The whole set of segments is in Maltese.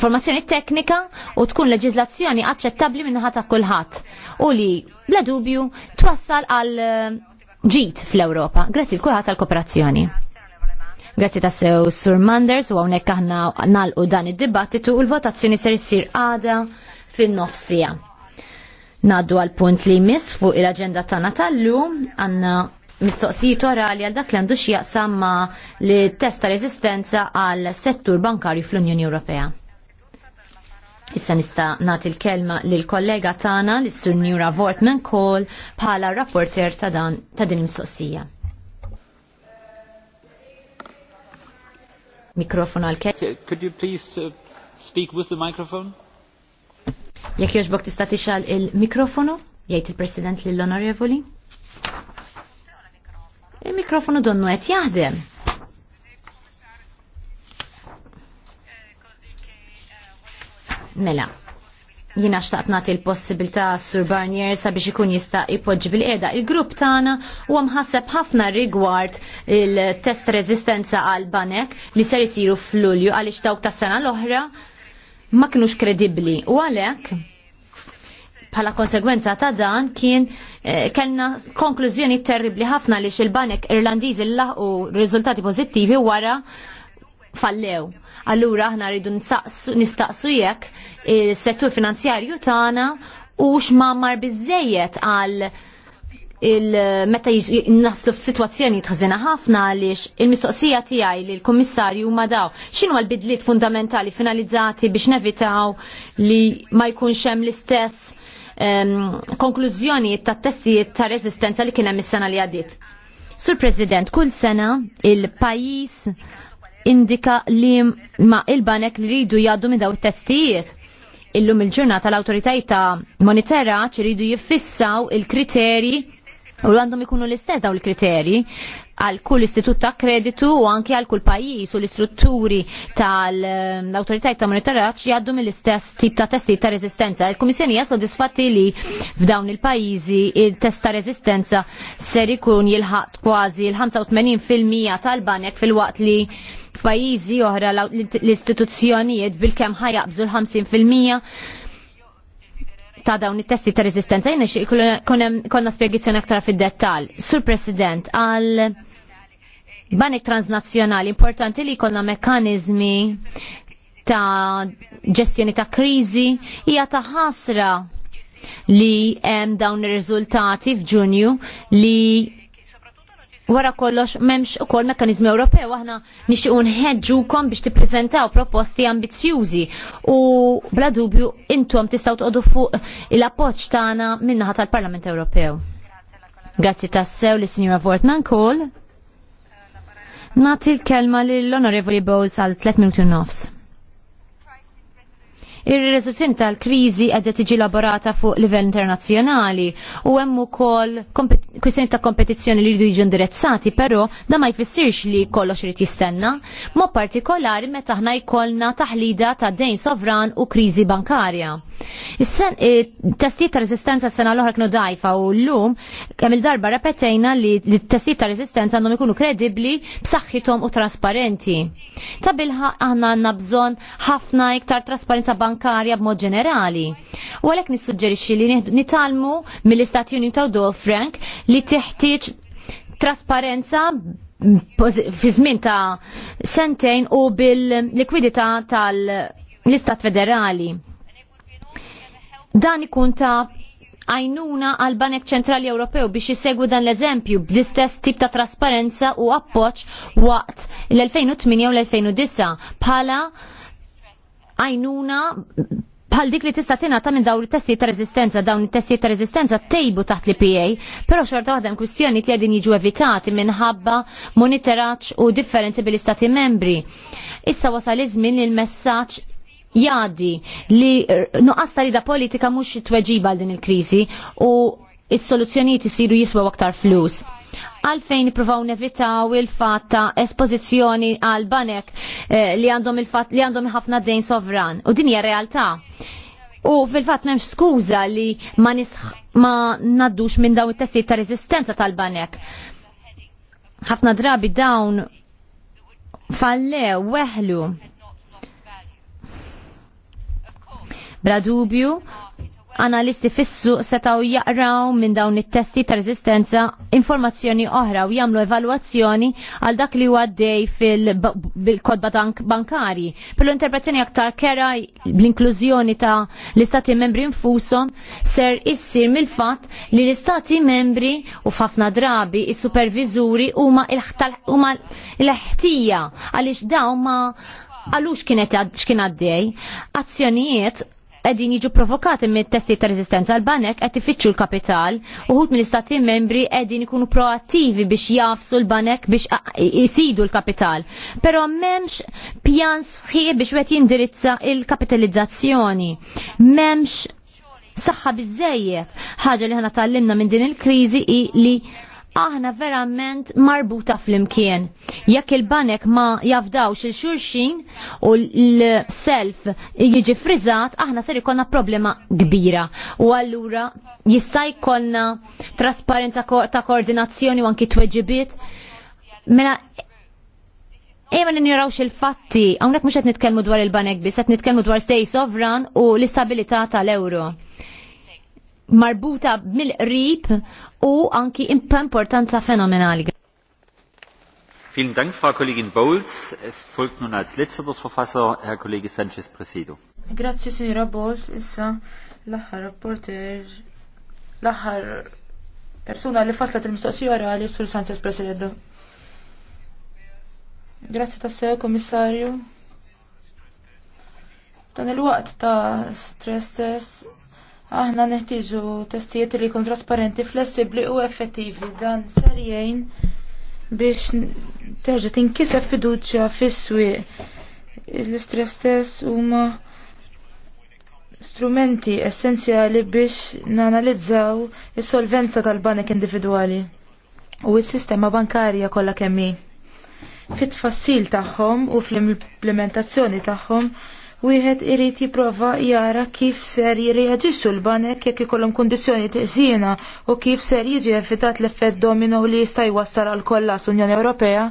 Informazzjoni teknika u tkun leġizlazzjoni aċċettabbli minnaħa ta' kulħadd u li bla dubju twassal għal eh, ġid fl-Ewropa. Grazzi l-kulħadd għal kooperazzjoni. Grazzi ta' sew Sur Manders u għawnek aħna nalqu dan id-dibattitu u l-votazzjoni ser issir għada fin-nofsija. Naddu għal punt li jmiss fuq il-agenda tagħna tal-lum għandna mistoqsijiet orali għal dak li għandu jaqsam ma li testa reżistenza għal settur bankarju fl-Unjoni Ewropea. Issa nista nagħti l-kelma lil kollega tagħna lis sur Nura Vortman Kohl bħala rapporter ta' dan ta' din mistoqsija. Mikrofon għal Could you please uh, speak with the microphone? Jekk jogħġbok tista' tixal il-mikrofonu? Jgħid il-President lill-Onorevoli. Il-mikrofonu donnu qed jaħdem. mela. Jina xtaqt nagħti l-possibilità Sur Barnier sabiex ikun jista' ipoġġi bil-qiegħda. Il-grupp tagħna huwa mħasseb ħafna rigward il-test reżistenza għal banek li ser isiru f'Lulju għaliex dawk tas-sena l-oħra ma kinux kredibbli u għalhekk bħala konsegwenza ta' dan kien eh, kellna konklużjoni terribli ħafna li il-banek irlandiżi l-laħu riżultati pożittivi wara fallew. Allura aħna rridu nistaqsu jekk is-settur finanzjarju tagħna u x'mammar biżejjed għal il-meta naslu f'sitwazzjoni tħażina ħafna għaliex il-mistoqsija tiegħi li l-Kummissarju ma daw x'inhu l-bidliet fundamentali finalizzati biex nevitaw li ma jkunx hemm l-istess konklużjoni ta' testijiet ta' rezistenza li kien hemm is-sena li għaddiet. Sur President, kull sena il-pajis indika li ma il-banek li ridu jaddu minn daw testijiet. Illum il-ġurnata l-autoritajiet ta' monitera ċiridu jiffissaw il-kriteri u għandhom ikunu l-istess daw il-kriteri għal kull istitut ta' kreditu u anke għal kull pajjiż u l-istrutturi tal-autoritajiet ta' monitoraġġ jgħaddu mill-istess tip ta' testi ta' rezistenza. il komissjoni hija sodisfatti li f'dawn il-pajjiżi il-test ta' rezistenza ser ikun jilħat kważi l-85% tal-banek fil-waqt li F'pajjiżi oħra l-istituzzjonijiet bil-kemm ħajaqbżu l-50% ta' dawn it-testi ta' rezistenza Jena xie konna spiegazzjoni aktar fid-dettal. Sur President, għal banik transnazjonali importanti li konna mekanizmi ta' ġestjoni ta' krizi hija ta' ħasra li hemm dawn ir-riżultati f'Ġunju li wara kollox memx u koll mekanizmi Ewropew aħna nixtiequ nħeġġukom biex tippreżentaw proposti ambizzjużi u bla dubju intom tistgħu tqogħdu fuq il-appoġġ tagħna minnaħa tal-Parlament Ewropew. Grazzi tassew li sinjura Vortman Kohl. Nati l-kelma lill-Onorevoli Bowles għal 3 minuti nofs. Ir-riżoluzzjoni tal-kriżi qiegħda tiġi laborata fuq livell internazzjonali u hemm ukoll kwistjoni ta' kompetizzjoni li jridu jiġu indirizzati, però da ma jfissirx li kollox irid jistenna, ma partikolari meta ħna jkollna taħlida ta' dejn sovran u kriżi bankarja. Is-sen eh, testijiet ta' resistenza s-sena l-oħra kienu dajfa u llum kemm il-darba repetejna li t-testijiet ta' resistenza għandhom ikunu kredibbli b'saħħithom u trasparenti. Ta' bilħa aħna għandna bżonn ħafna iktar trasparenza bankarja bankarja b'mod ġenerali. U għalhekk nissuġġerixxi li nitalmu mill-Istati Uniti ta' Dol Frank li teħtieġ trasparenza fi żmien ta' sentejn u bil-likwidità tal-Istat Federali. Dan ikun ta' għajnuna għal Banek Ċentrali Ewropew biex jisegwu dan l-eżempju bl-istess tip ta' trasparenza u appoċ waqt l-2008 u l-2009 bħala għajnuna bħal dik li tista' tingħata minn dawn it-testijiet ta' reżistenza, dawn it-testijiet ta' reżistenza tejbu taħt li PA, però xorta waħda kwistjoni li qegħdin jiġu evitati minħabba monitoraġġ u differenzi bil-istati membri. Issa wasal iż-żmien il-messaġġ jadi li nuqqas rida politika mhux tweġiba għal din il-kriżi u s-soluzzjonijiet isiru jiswew aktar flus għalfejn provaw nevitaw il-fat ta' espożizzjoni għal banek eh, li għandhom il-fat li għandhom ħafna dejn sovran. U din hija realtà. U fil-fat memx skuża li ma, nisħ, ma naddux minn dawn it-tessiet ta' rezistenza tal-banek. Ħafna drabi dawn fallew, weħlu. Bra dubju, analisti fissu setaw jaqraw minn dawn it-testi ta' rezistenza informazzjoni oħra u jagħmlu evalwazzjoni għal dak li huwa dej fil-kodba bankari. Però interpretazzjoni aktar kera l inklużjoni ta' l-istati membri infushom ser issir mill-fatt li l-istati membri u f'ħafna drabi is-supervizuri huma l-ħtija għaliex dawn ma għalux kienet xkien għaddej, azzjonijiet qegħdin jiġu provokati mit-testi ta' rezistenza għal banek qed tifittxu l-kapital uħud mill-istati membri qegħdin ikunu proattivi biex jafsu l-banek biex isidu l-kapital. Però m'hemmx pjan sħiħ biex wieħed jindirizza il-kapitalizzazzjoni. M'hemmx saħħa bizzejiet Ħaġa li ħana tal-limna minn din il-kriżi li aħna verament marbuta fl-imkien. Jekk il-banek ma jafdawx il-xurxin u l-self jiġi frizzat, aħna ser ikonna problema kbira. U allura jista' jkollna trasparenza ta' koordinazzjoni u anki tweġibiet. Mela, Ejma nirawx il-fatti, għonek mux għet nitkelmu dwar il-banek bis, għet nitkelmu dwar stay sovran u l-istabilita tal-euro marbuta mill-qrib u anki importanza fenomenali. Vielen Dank, Frau Kollegin Bowles. Es folgt nun als letzter Verfasser Herr Kollege Sanchez Presido. Grazie, signora Bowles. Issa l-aħħar rapporter, l-aħħar persuna li faslet il-mistoqsija orali sul Sanchez Presido. Grazie tassew, komissarju. Dan il-waqt ta' stress test Aħna neħtieġu testijiet li jkun trasparenti, flessibbli u effettivi. Dan serjejn jgħin biex terġa' tinkiseb fiduċja fis L-istress test huma strumenti essenzjali biex nanalizzaw is-solvenza tal-banek individwali u s-sistema bankarja kollha kemm hi. Fit-tfassil tagħhom u fl-implementazzjoni tagħhom wieħed irid jipprova jara kif ser jirreaġixxu l-banek jekk ikollhom kundizzjoni teqsina u kif ser jiġi effettat l-effett domino li jista' jwassal għal kollha Unjoni Ewropea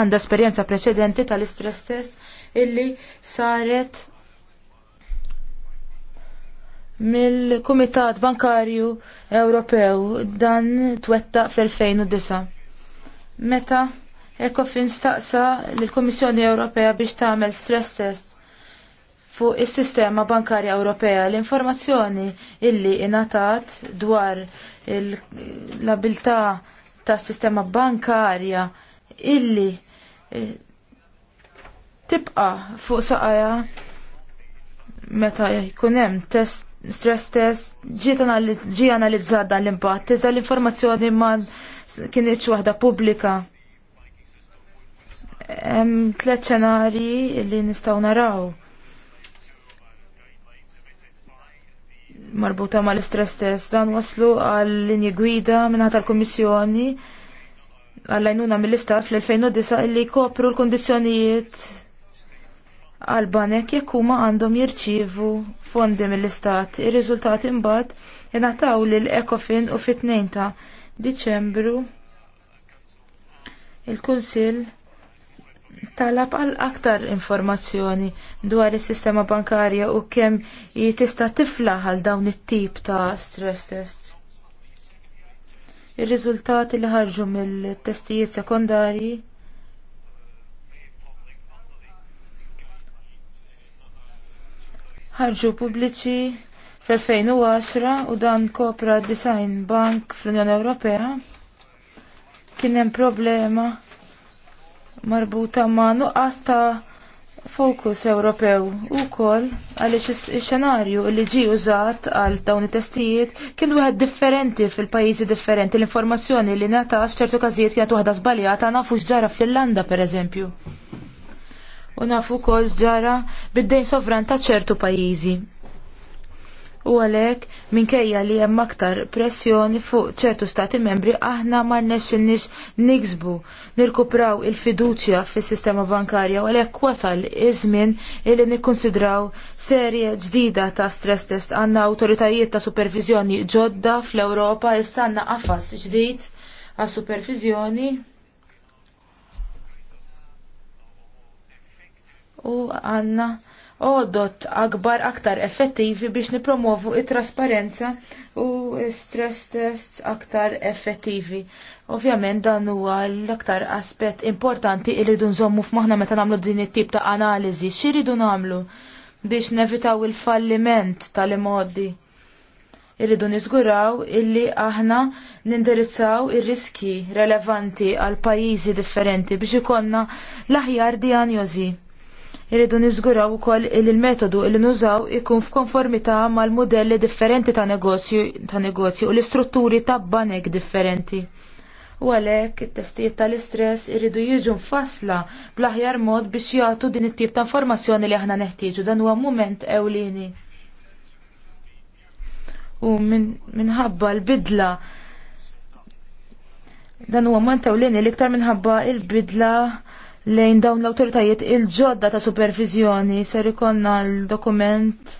għandha esperjenza preċedenti tal-istress test illi saret mill-Kumitat Bankarju Ewropew dan twettaq fl-2009. Meta ECOFIN staqsa l kummissjoni Ewropea biex tagħmel stress test fuq is-sistema bankarja Ewropea. L-informazzjoni illi ingħatat dwar l-abilità tas-sistema bankarja illi eh, tibqa fuq saqajja meta jkun hemm test stress test ġiet ġi analizzat dan l-impatt, iżda l-informazzjoni ma kienitx waħda pubblika. Hemm tliet xenarji li nistgħu naraw. marbuta mal istress test dan waslu għal linji gwida minna tal-Komissjoni għajnuna mill-istat fl-2009 illi kopru l-kondizjonijiet għal banek jekk huma għandhom jirċivu fondi mill-istat. Ir-riżultat imbagħad ingħataw lil Ecofin u fit-2 ta' Diċembru il-Kunsill talab għal aktar informazzjoni dwar is-sistema bankarja u kemm tista' tifla għal dawn it-tip ta' stress tests. Ir-riżultati li ħarġu mill-testijiet sekondarji ħarġu pubbliċi fl-2010 u dan kopra Design Bank fl-Unjoni Ewropea kien hemm problema marbuta ma' nuqqas ta' fokus Ewropew ukoll għaliex ix-xenarju li ġie użat għal dawn it-testijiet kien wieħed differenti fil-pajjiżi differenti. L-informazzjoni li ngħata f'ċertu każijiet kienet waħda żbaljata nafu x'ġara fl-Irlanda pereżempju. U nafu wkoll ġara bid-dejn sovran ta' ċertu pajjiżi u għalhekk minkejja li hemm aktar pressjoni fuq ċertu stati membri aħna ma rnexxinniex niksbu nirkupraw il-fiduċja fis-sistema bankarja u għalhekk wasal iż-żmien illi nikkonsidraw serje ġdida ta' stress test għandna awtoritajiet ta' supervizjoni ġodda fl-Ewropa issa għandna qafas ġdid għas supervizjoni u għandna għodot akbar aktar effettivi biex nipromovu it-trasparenza u stress tests aktar effettivi. Ovvjament dan huwa l-aktar aspett importanti irridu nżommu f'maħna meta nagħmlu din it-tip ta' analiżi. X'iridu nagħmlu biex nevitaw il-falliment tal-imoddi? irridu niżguraw illi aħna nindirizzaw ir-riski relevanti għal pajjiżi differenti biex ikonna l-aħjar dijanjosi Irridu niżguraw ukoll il il-metodu li nużaw ikun f'konformità mal-modelli differenti ta' negozju ta' negozju u l-istrutturi ta' banek differenti. U għalhekk it-testijiet tal-istress irridu jiġu fasla bl-aħjar mod biex jagħtu din it-tip ta' informazzjoni li aħna neħtieġu dan huwa mument ewlieni. U minħabba min l-bidla dan huwa mument ewlieni l-iktar minħabba il-bidla lejn dawn l-autoritajiet il-ġodda ta' supervizjoni ser ikonna l-dokument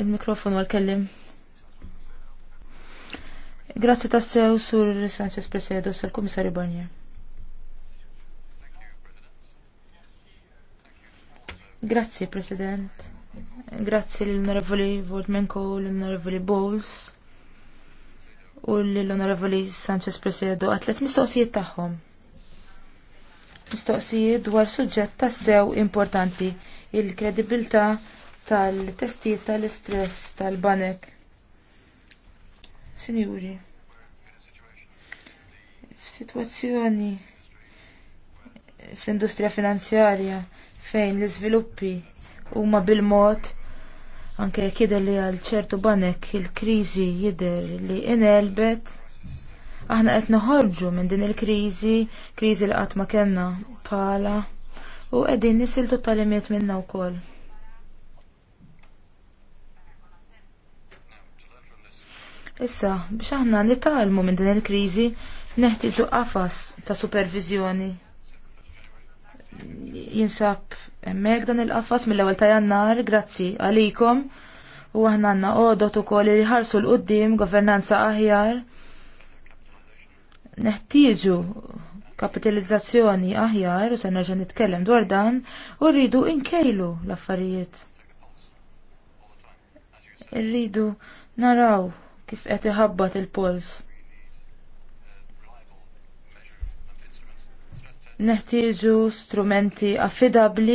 il-mikrofon għal-kellim. Grazzi ta' sew sur Sanchez Presedo, sal komissari Barnier. Grazzi President. Grazzi l-Onorevoli Voltmenko, l-Onorevoli Bowles u l-Onorevoli Sanchez Presedo għatlet mistoqsijiet tagħhom. Mistoqsijiet dwar suġġett tassew importanti il-kredibilità tal-testijiet tal-istress tal-banek. Sinjuri, f'sitwazzjoni fl-industrija finanzjarja fejn l-iżviluppi huma bil-mod Anke jekk jidher li għal ċertu banek il-kriżi jidher li inelbet, aħna qed noħorġu minn din il-kriżi, kriżi li qatt ma kellna bħala u qegħdin nisiltu talimiet minnha wkoll. Issa, biex aħna nitalmu minn din il-kriżi, neħtieġu qafas ta' supervizjoni jinsab emmek dan il-qafas mill-ewwel ta' jannar, grazzi għalikom u aħna għandna għodot ukoll li ħarsu l qoddim governanza aħjar. Neħtieġu kapitalizzazzjoni aħjar u se nerġa' nitkellem dwar dan u rridu inkejlu l-affarijiet. Irridu naraw kif qed iħabbat il-pols. neħtieġu strumenti affidabli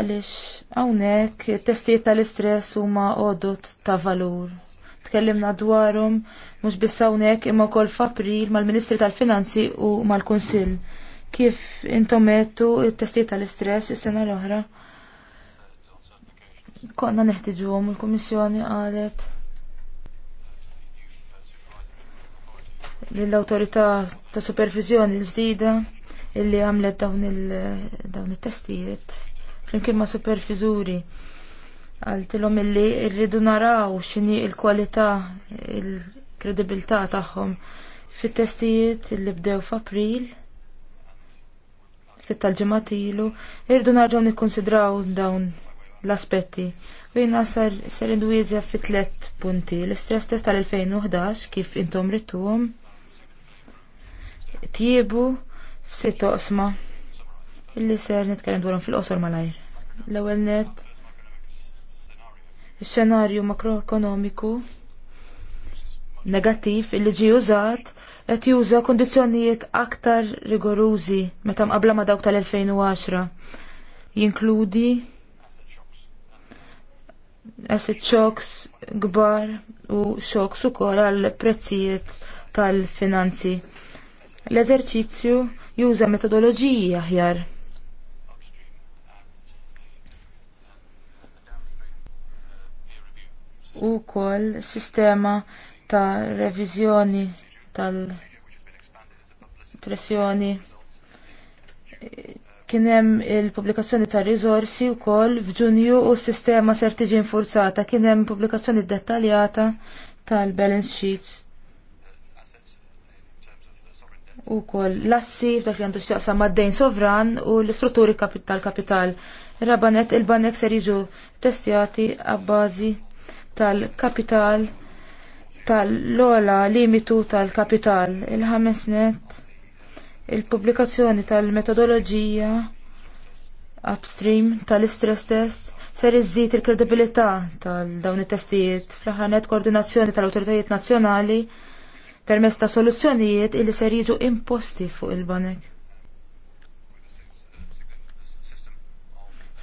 għaliex hawnhekk it-testijiet tal-istress huma għodot ta' valur. Tkellimna dwarhom mhux biss hawnhekk imma wkoll f'April mal-Ministri tal-Finanzi u mal-Kunsill. Kif intomettu t testijiet tal-istress is-sena l-oħra? Konna neħtieġuhom il-Kummissjoni qalet l-autorità ta' supervizjoni l-ġdida illi għamlet dawn il-testijiet flimkien ma' supervizuri għaltilhom illi rridu naraw x'inhi l-kwalità il-kredibilità tagħhom fit-testijiet illi bdew f'April ftit tal-ġimgħat ilu irridu narġgħu nikkonsidraw dawn l-aspetti. U jina ser indwieġa fi tlet punti. L-istress test tal-2011 kif intom rituhom tjiebu f'sitt oqsma illi ser nitkellem dwarhom fil-qosor malajr. L-ewwel net is-xenarju makroekonomiku negattiv illi ġie użat qed juża kundizzjonijiet aktar rigorużi meta mqabbla ma dawk tal-2010. Jinkludi asset shocks kbar u shocks ukoll għal prezzijiet tal-finanzi. L-eżerċizzju juża metodoloġiji aħjar. U kol sistema ta' revizjoni tal-pressjoni kienem il-publikazzjoni ta' risorsi u f'ġunju u s-sistema ser tiġi infurzata kienem publikazzjoni dettaljata tal-balance sheets u kol l-assi f'dak li għandu xtaqsa mad-dejn sovran u l-istrutturi tal-kapital. Rabanet il-banek ser jiġu testjati għabbażi tal-kapital tal-lola limitu tal-kapital. Il-ħamesnet il-publikazzjoni tal-metodoloġija upstream tal-istress test ser iżżid il-kredibilità tal-dawn it-testijiet fl-ħanet koordinazzjoni tal-autoritajiet nazzjonali permezz ta' soluzzjonijiet illi ser jiġu imposti fuq il-banek.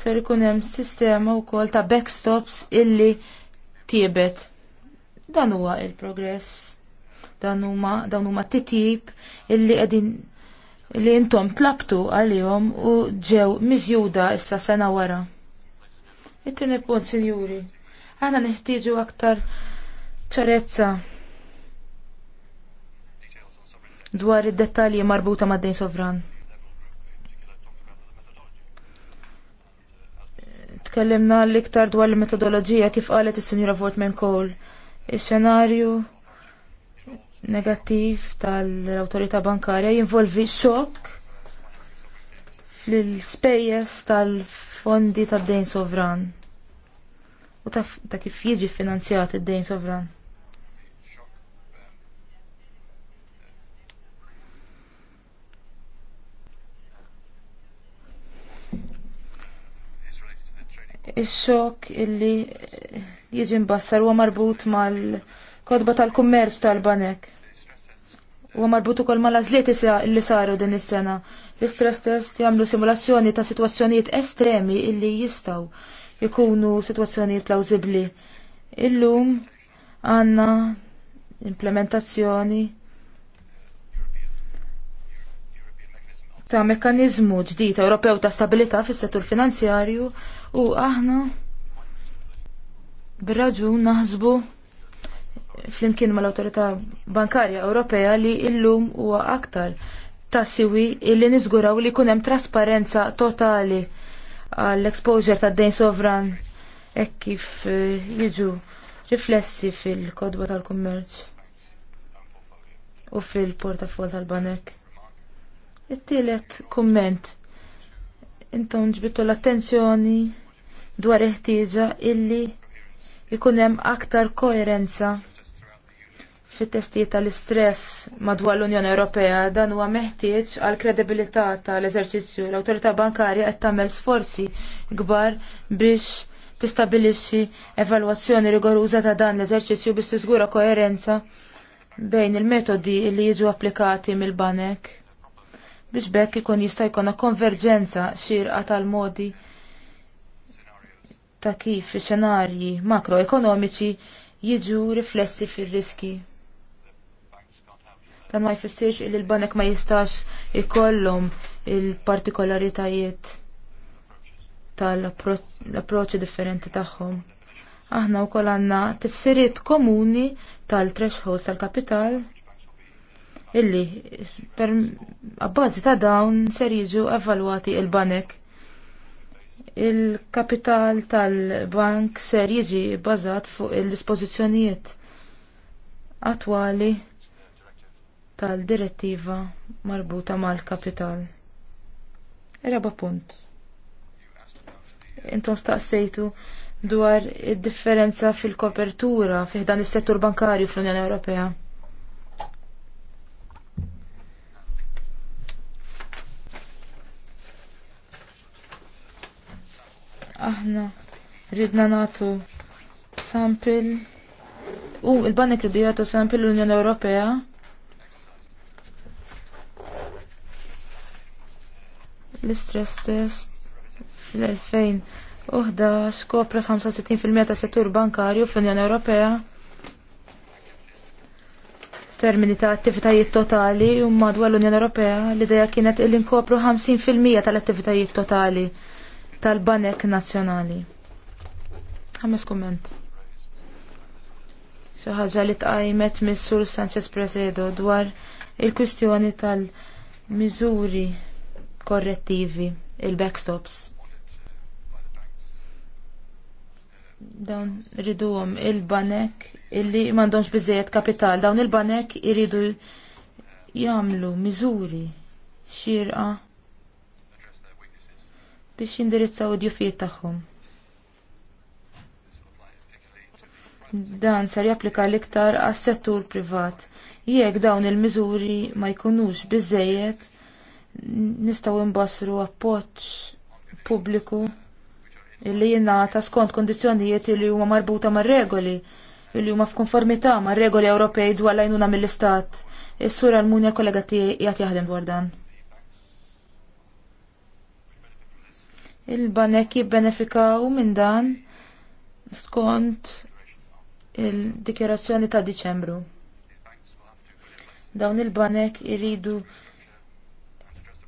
Ser ikun hemm sistema wkoll ta' backstops illi tiebet. Dan huwa il-progress. Dan huma dawn huma titjib illi qegħdin li intom tlabtu għalihom u ġew miżjuda issa sena wara. It-tieni punt, sinjuri, għana neħtieġu aktar ċarezza dwar id-dettalji marbuta mad dejn sovran. Tkellimna l-iktar dwar il-metodoloġija kif qalet is-Sinjura Fortman Cole. is senarju negattiv tal-Awtorità Bankarja jinvolvi xokk fl-spejjeż tal-fondi tad-dejn sovran u ta', kif jiġi finanzjat id-dejn sovran. Ix-xokk illi jiġi mbassar huwa marbut mal-kodba tal-kummerċ tal-banek. Huwa marbut ukoll mal-għażliet li saru din is-sena. L-istress test jagħmlu simulazzjoni ta' sitwazzjonijiet estremi illi jistgħu jkunu sitwazzjonijiet plawzibbli. Illum għandna implementazzjoni ta' mekanizmu ġdid Ewropew ta' stabilità fis-settur finanzjarju u aħna b'raġun naħsbu flimkien mal-Awtorità Bankarja Ewropea li illum huwa aktar ta' siwi illi niżguraw li jkun hemm trasparenza totali għall-exposure tad dejn sovran hekk kif eh, jiġu riflessi fil-kodba tal-kummerċ u fil portafoll tal-banek. It-tielet kumment. Intom ġbittu l-attenzjoni dwar il-ħtieġa illi jkun hemm aktar koerenza fit-testijiet tal-istress madwar l-Unjoni Ewropea dan huwa meħtieġ għal kredibilità tal-eżerċizzju. L-Awtorità Bankarja qed tagħmel sforzi kbar biex tistabilixxi evalwazzjoni rigoruża ta' dan l-eżerċizzju biex tiżgura koerenza bejn il-metodi li jiġu applikati mill-banek biex bekk ikun jista' jkollna konverġenza xirqa tal-modi ta' kif xenarji makroekonomiċi jiġu riflessi fir-riski. Dan ma jfissirx li l-banek ma jistax ikollhom il-partikolaritajiet tal-approċċi differenti tagħhom. Aħna wkoll għandna tifsiriet komuni tal-threshold tal-kapital illi għabbażi ta' dawn ser jiġu evalwati il-banek. Il-kapital tal-bank ser jiġi bbażat fuq il dispozizjonijiet attwali tal-direttiva marbuta mal-kapital. Raba punt. Intom staqsejtu dwar id-differenza fil-kopertura fih dan is-settur bankarju fl-Unjoni Ewropea aħna ridna natu sampil u il-banek ridu jagħtu sampil l-Unjoni Ewropea l-istress test fl-2011 kopra 65% ta' settur bankarju fl-Unjoni Ewropea termini ta' attivitajiet totali u madwar l-Unjoni Ewropea l-idea kienet il-inkopru 50% tal-attivitajiet totali tal-Banek Nazzjonali. Ħames kumment. Xi ħaġa li tqajmet mis-Sur Sanchez Presedo dwar il-kwistjoni tal-miżuri korrettivi, il-backstops. Dawn riduhom il-banek illi m'għandhomx biżejjed kapital, dawn il-banek iridu jagħmlu miżuri xirqa biex jindirizzaw id-jufijiet tagħhom. Dan sar japplika l-iktar għas-settur privat. Jekk dawn il-miżuri ma jkunux biżejjed nistaw imbasru appoċ pubbliku illi jingħata skont kondizjonijiet li huma marbuta mar regoli illi huma f'konformità mar regoli Ewropej dwar l-għajnuna mill-istat. Is-sura l-munja kollega tiegħi jaħdem dwar dan. il-banek jibbenefikaw minn dan skont il-dikjerazzjoni ta' Diċembru. Dawn il-banek iridu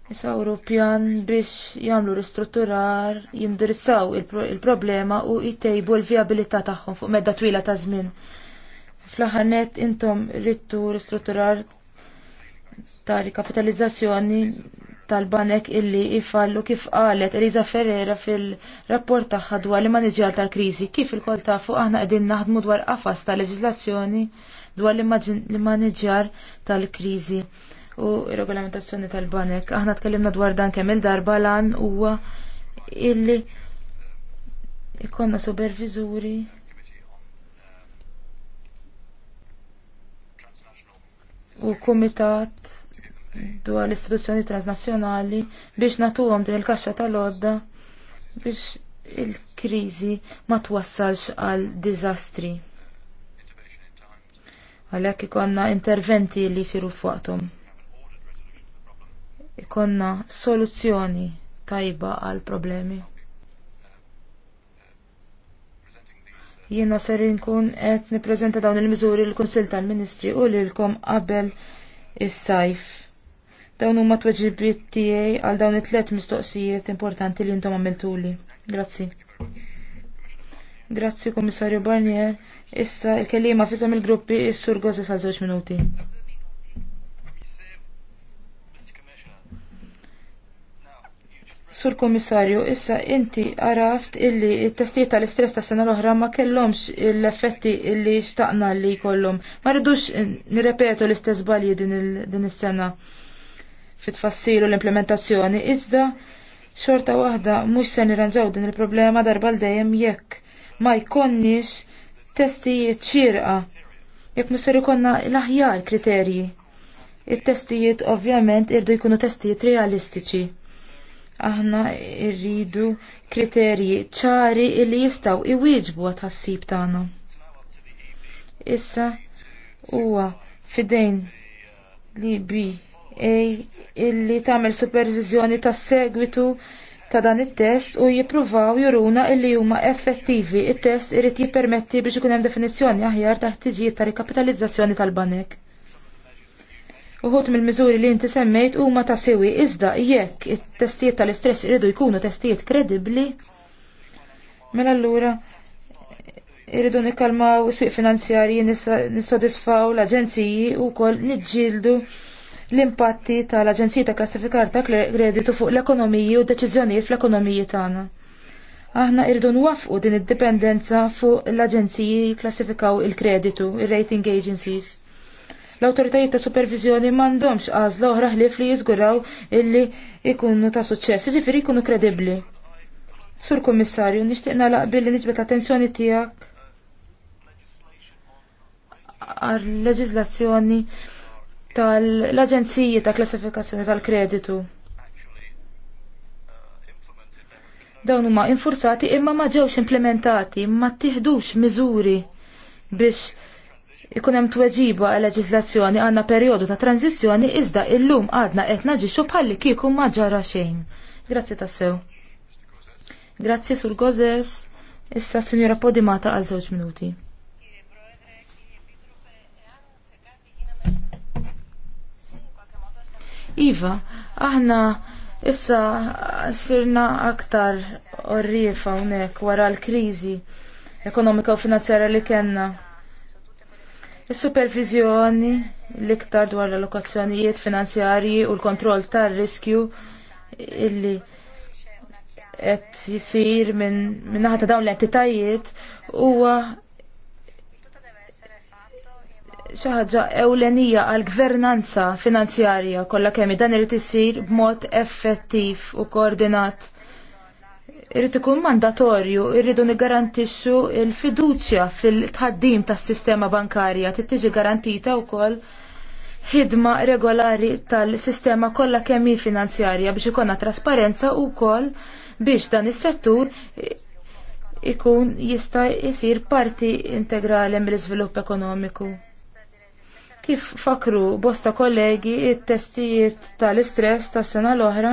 jisawru pjan biex jagħmlu ristrutturar, jindirizzaw il-problema u jtejbu l-viabilità tagħhom fuq medda twila ta' żmien. Fl-aħħar intom rittu ristrutturar ta' rikapitalizzazzjoni tal-banek illi ifallu kif qalet Eliza Ferrera fil-rapport tagħha dwar l-immaniġjar tal-kriżi kif il-kol tafu aħna qegħdin naħdmu dwar qafas ta' leġiżlazzjoni dwar l-immaniġjar tal-kriżi u regolamentazzjoni tal-banek. Aħna tkellimna dwar dan kemm il-darba lan huwa illi ikonna supervizuri u kumitat dwar l-istituzzjoni transnazzjonali biex natuhom din il-kaxxa tal-odda biex il-kriżi ma twassalx għal diżastri. Għalhekk ikonna interventi li jsiru fuqhom. Ikonna soluzzjoni tajba għal problemi. Jiena ser nkun qed nippreżenta dawn il-miżuri l-Kunsill tal-Ministri u lilkom qabel is-sajf. Dawn huma tweġibiet tiegħi għal dawn it-tliet mistoqsijiet importanti li intom għamiltuli. Grazzi. Grazzi Kummissarju Barnier. Issa il-kelima fisem il-gruppi is-sur Gozza sal żewġ minuti. Sur Komissarju, issa inti għaraft illi il-testijiet tal-istress ta' sena l-oħra ma kellhomx l-effetti illi xtaqna li jkollhom. Ma rridux nirrepetu l-istess balji din is-sena fit-tfassil u l-implementazzjoni, iżda xorta waħda mhux se nirranġaw din il-problema darba l-dejjem jekk ma jkonniex testijiet xirqa jekk musser ikonna l-aħjar kriterji. Il-testijiet ovvjament irdu jkunu testijiet realistiċi. Aħna irridu kriterji ċari illi jistaw iwieġbu għat-ħassib tagħna. Issa huwa fidejn li bi illi tagħmel supervizjoni tas segwitu ta' dan it-test u jippruvaw juruna illi huma effettivi. It-test irid jippermetti biex ikun hemm definizzjoni aħjar ta' ħtiġijiet ta' rikapitalizzazzjoni tal-banek. Uħut mill-miżuri li inti semmejt huma ta' sewi iżda jekk it-testijiet tal-istress iridu jkunu testijiet kredibbli, mela allura irridu nikkalmaw swieq finanzjarji nissodisfaw l-aġenziji u kol niġġieldu l-impatti tal-Aġenzija ta' Klassifikar ta' Kreditu fuq l-ekonomiji u deċiżjonijiet fl-ekonomiji tagħna. Aħna irdu nwaffqu din id-dipendenza fuq l-Aġenziji klassifikaw il-kreditu, il-rating agencies. L-autoritajiet ta' supervizjoni m'għandhomx għażla oħra ħlief li jiżguraw illi ikunu ta' suċċess, jiġifieri jkunu kredibbli. Sur Kummissarju, nixtieq nagħlaq billi niġbet attenzjoni tiegħek għal leġislazzjoni tal-Aġenziji ta' Klassifikazzjoni tal-Kreditu. Dawn huma infurzati imma ma ġewx implementati, ma tieħdux miżuri biex ikun hemm tweġiba għal leġiżlazzjoni għandna perjodu ta' tranzizzjoni iżda illum għadna qed naġixxu bħalli kieku ma ġara xejn. Grazzi tassew. Grazzi sur Gozes. Issa, Sinjora Podimata, għal żewġ minuti. Iva, aħna issa sirna aktar orrifa unek wara l-krizi ekonomika u finanzjarja li kenna. Is-supervizjoni l-iktar dwar l-allokazzjonijiet finanzjarji u l-kontroll tar-riskju illi qed jisir minn min naħa ta' dawn l-entitajiet huwa xi ħaġa ewlenija għal gvernanza finanzjarja kollha kemm dan irid isir b'mod effettiv u koordinat. Irid ikun mandatorju, irridu niggarantixxu l-fiduċja fil-tħaddim tas-sistema bankarja trid tiġi garantita wkoll ħidma regolari tal-sistema kollha kemm hi finanzjarja biex ikonna trasparenza wkoll biex dan is-settur ikun jista' jsir parti integrali mill-iżvilupp ekonomiku. Kif fakru bosta kollegi it-testijiet tal-istress tas-sena l-oħra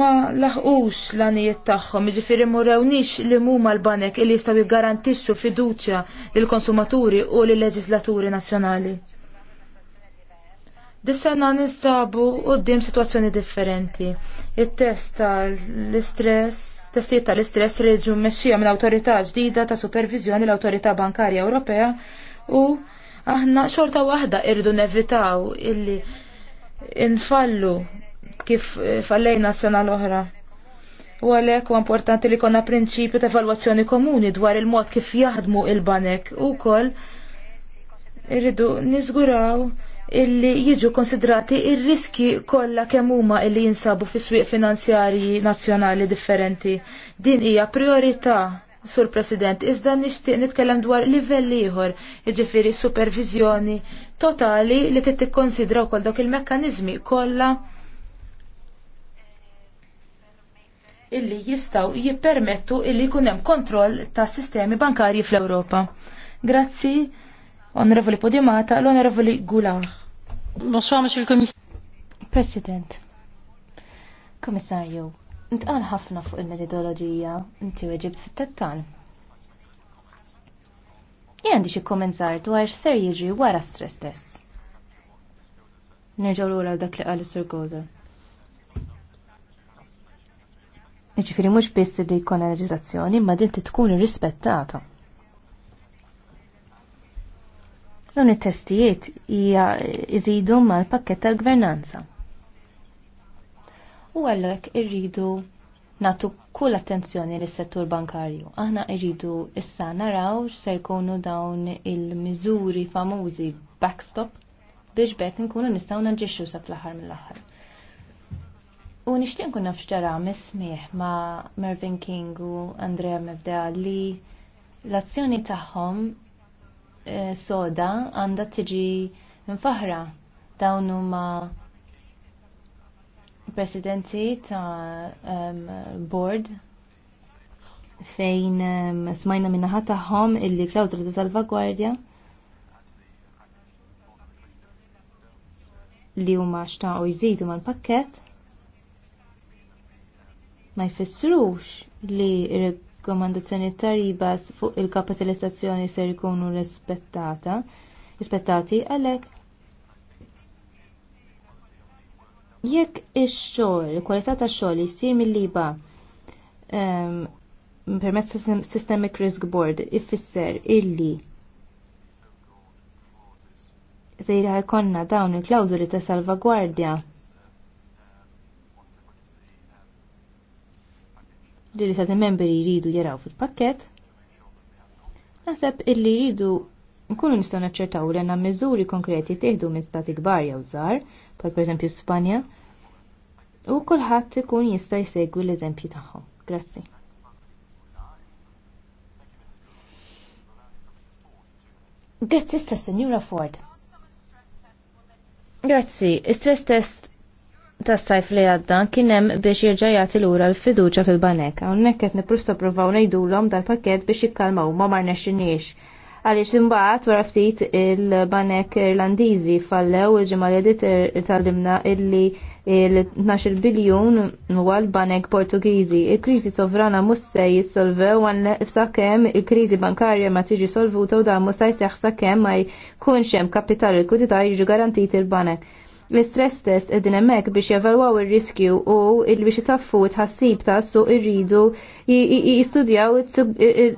ma laħqux l-għanijiet tagħhom, jiġifieri murewnix li huma l-banek li jistgħu jiggarantixxu fiduċja lill konsumaturi u lill leġislaturi nazzjonali. Dis-sena nistabu qudiem sitwazzjoni differenti. it test tal-istress, testijiet tal-istress reġu mmexxija mill-awtorità ġdida ta' supervizjoni l-Awtorità Bankarja Ewropea u aħna xorta waħda irridu nevitaw illi infallu kif eh, fallejna s-sena l-oħra. U għalek u importanti li konna prinċipju ta' evalwazzjoni komuni dwar il-mod kif jaħdmu il-banek u kol irridu nizguraw illi jiġu konsidrati il-riski kollha kemm huma illi jinsabu fi swieq finanzjari nazzjonali differenti. Din hija priorità Sur President, iżda nixtieq nitkellem dwar livell ieħor, jiġifieri supervizjoni totali li trid tikkonsidra wkoll dawk il-mekkaniżmi kollha illi jistgħu jippermettu illi jkun hemm kontroll tas sistemi bankarji fl-Ewropa. Grazzi, Onorevoli Podimata, l-Onorevoli Gulag. Bonsoir, Monsieur le Commissaire. President, Commissario, Ntqal ħafna fuq il-metodoloġija inti weġibt fit-tettan. Jien xi kommentar dwar ser jiġri wara stress tests. Nerġgħu lura dak li qal is-Sur Goza. Jiġifieri mhux biss li jkun leġiżlazzjoni imma din tkun irrispettata. Dawn it-testijiet hija jżidu mal-pakkett tal-gvernanza u għallek irridu natu kull attenzjoni l settur bankarju. Aħna irridu issa naraw se jkunu dawn il-miżuri famużi backstop biex bekk nkunu nistgħu naġixxu sa fl-aħħar mill-aħħar. U nixtieq nkun naf x'ġara mismieħ ma' Mervyn King u Andrea Mebda li l-azzjoni tagħhom eh, soda għandha tiġi mfaħra dawn huma presidenti ta' um, board fejn um, smajna minnaħa taħħom illi klawżola ta' salvagwardja li huma xtaqgħu jżidu mal-pakkett ma jfissrux li rekomandazzjoni tariba fuq il-kapitalizzazzjoni ser ikunu rispettata rispettati għalhekk Jekk ix-xogħol, il-kwalità tax-xogħol jsir mill-liba ehm, permezz ta' Systemic Risk Board ifisser illi sejra jkollna dawn il-klawżuli ta' salvagwardja li li ta' membri jridu jaraw fil-pakket, naħseb illi jridu nkunu nistgħu naċċertaw li għandna miżuri konkreti tieħdu minn stati kbar jew żgħar, bħal pereżempju Spanja, u kulħadd ikun jista' jsegwi l-eżempji tagħhom. Grazzi. Grazzi sta Signora Ford. Grazzi, stress test tas sajf li għadda kien hemm biex jirġa' jagħti lura l fiduċja fil-banek. Hawnhekk qed nipprusta provaw ngħidulhom dal pakket biex jikkalmaw ma marnexxinix għaliex imbagħad wara ftit il-banek Irlandiżi fallew il-ġimgħa li tallimna illi il-12 biljun huwa l-banek Portugiżi. Il-kriżi sovrana mhux se jissolvew sakemm il-kriżi bankarja ma tiġi solvuta u dan mhux se jseħħ sakemm ma jkunx hemm kapital il-kudita jiġu garantiti il banek L-istress test edin emmek biex jevalwaw il-riskju u il biex taffu tħassib ta' su irridu jistudjaw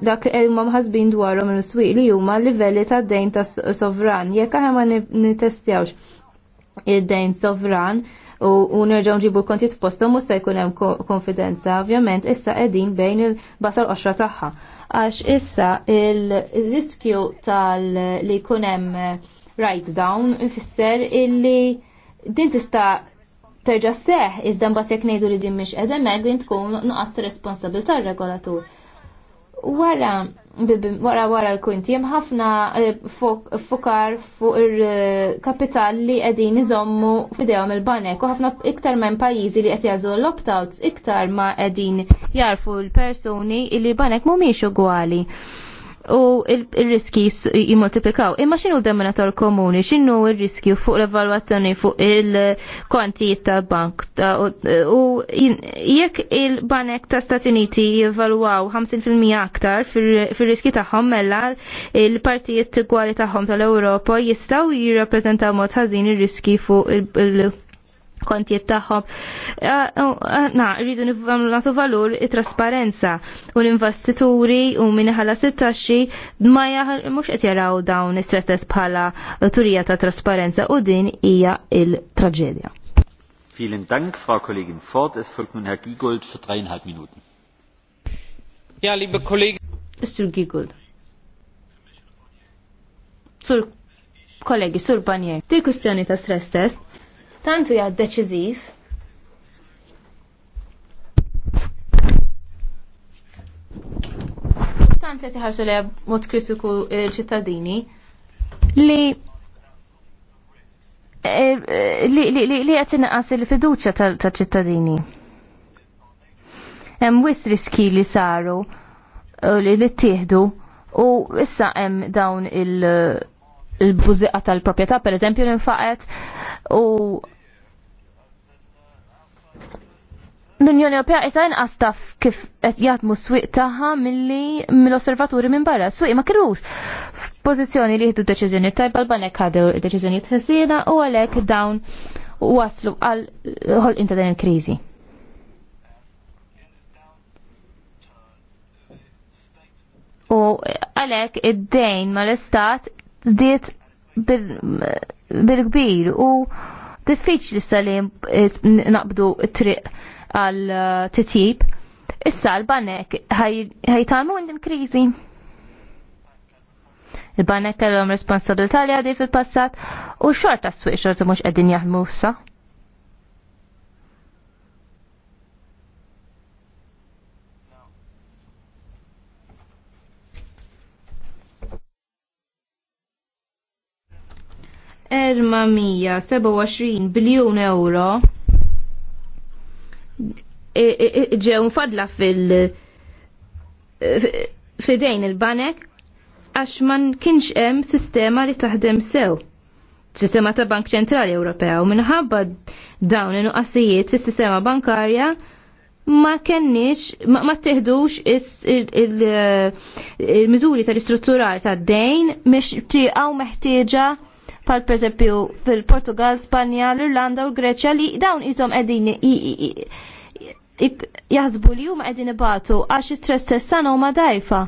dak il-mam ħazbin dwarom il swi li huma livelli ta' dejn ta' sovran. Jekk aħna ma nitestjawx id-dejn sovran u nerġaw nġibu konti t-postom u se jkun hemm konfidenza, ovvjament issa qegħdin bejn il-basal qoxra tagħha. Għax issa il-riskju tal li jkun hemm write down ifisser illi din tista' terġa' seħ iżda mbagħad jekk ngħidu li din mhix qed hemmhekk mela din tkun nuqqas tar regolatur. Wara wara wara l-kuntiem ħafna eh, fukar fuq il-kapital li qegħdin iżommu f'idejhom il-banek u ħafna iktar minn pajjiżi li qed jażu l-opt-outs iktar ma qegħdin jarfu l-persuni li banek mhumiex ugwali u il-riski jimultiplikaw. Imma xinu l denominator komuni, xinu il-riskju fuq l-evaluazzjoni fuq il-kontijiet ta' bank u jekk il-banek ta' Stati Uniti jivalwaw 50% aktar fil-riski tagħhom mela il-partijiet gwali tagħhom tal-Ewropa jistaw jirrappreżentaw mod ħażin ir-riski fuq il- kontijiet tagħhom. Na, rridu nagħtu valur it-trasparenza u l-investituri u minnħala ħala sittaxxi ma mhux qed jaraw dawn is-stress test bħala turija ta' trasparenza u din hija il-traġedja. Vielen Dank, Frau Kollegin Ford. Es folgt nun Herr Giegold für dreieinhalb Minuten. Ja, liebe Kollegin. Mr. Giegold. Sur kollegi, sur Banier. Til kustjoni ta' stress test tantu hija deċiżiv. Tant qed iħarsu lejha mod kritiku ċittadini eh, li li qed inqas il-fiduċja tal-ċittadini. Hemm wis riski li saru li ttieħdu u issa hemm dawn il- buzziqa tal-proprjetà, per eżempju, l-infaqet u l-Unjoni Ewropea issa inqas taf kif qed jaħdmu s-swieq tagħha milli mill-osservaturi minn barra. S-swieq ma kinux f'pożizzjoni li jieħdu deċiżjoni tajba l-banek ħadew deċiżjonijiet ħsiena u għalhekk dawn waslu għal ħolqien ta' din il-kriżi. U għalhekk id-dejn mal-istat żdiet bil-kbir u diffiċli salim naqbdu triq għal uh, titjib. Issa l-banek ħajtamu din krizi. Il-banek kellhom responsabilità li għadi fil-passat u xorta s swiċ xorta mhux qegħdin s-sa 427 biljun euro ġew fadla fil fidejn il-banek għax ma kienx hemm sistema li taħdem sew. Sistema ta' Bank Ċentrali u minħabba dawn in-nuqqasijiet fis-sistema bankarja ma kenniex ma teħdux il-miżuri tal istrutturali tad-dejn miex meħtieġa pal perżempju fil-Portugal, Spanja, l-Irlanda u l-Greċja li dawn isom qegħdin jaħsbu li huma qegħdin ibatu għax istress u huma dajfa.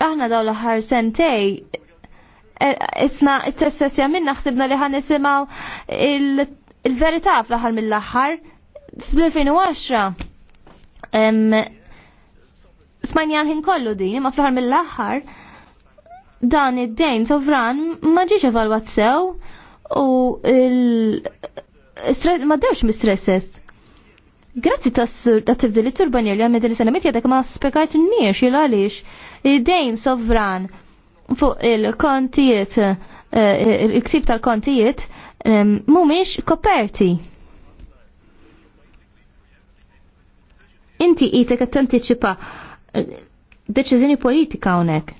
Aħna daw l-aħħar sentej e, isna istress test jamin naħsibna li ħan nisimgħu il-verità fl-aħħar mill-aħħar fl-2010. Smajnjan ħin kollu din, ma fl-aħħar mill-aħħar dan id-dejn sovran ma ġiex evalwat sew u ma dewx mistress Grazzi ta' tibdil it-turbanir li għamil il mitja dak ma spekajt n-niex il-għalix id-dejn sovran fuq il-kontijiet, eh, il-ksib tal-kontijiet, mumiex koperti. Inti jitek t-anticipa eh, deċizjoni politika unek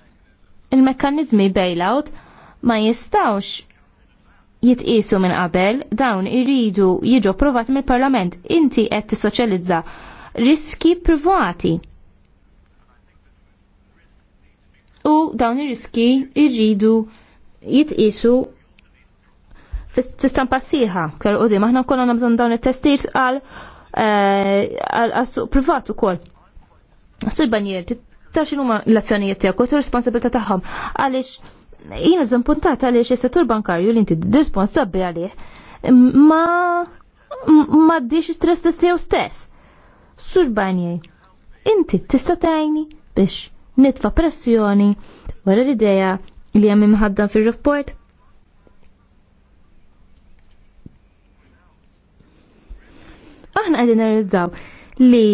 il-mekkanizmi bailout ma jistawx jitqisu minn qabel dawn iridu jiġu approvati mill-Parlament. Inti qed tissoċjalizza riski privati. U dawn ir-riski irridu jitqisu fis-stampa sieħa. Kell qudiem aħna kollha nabżon dawn it-testijiet għal eh, għal privat ukoll. Sul banjer ta' ma' l-azzjonijiet tiegħek u t-responsabilità tagħhom għaliex jiena żimpuntat għaliex is-settur bankarju li inti responsabbli għalih ma ma d-dix stress t tiegħu stess. Sur Barnier, inti tista' tajni biex nitfa' pressjoni wara l ideja li hemm imħaddan fir-rapport aħna għedin narizzaw li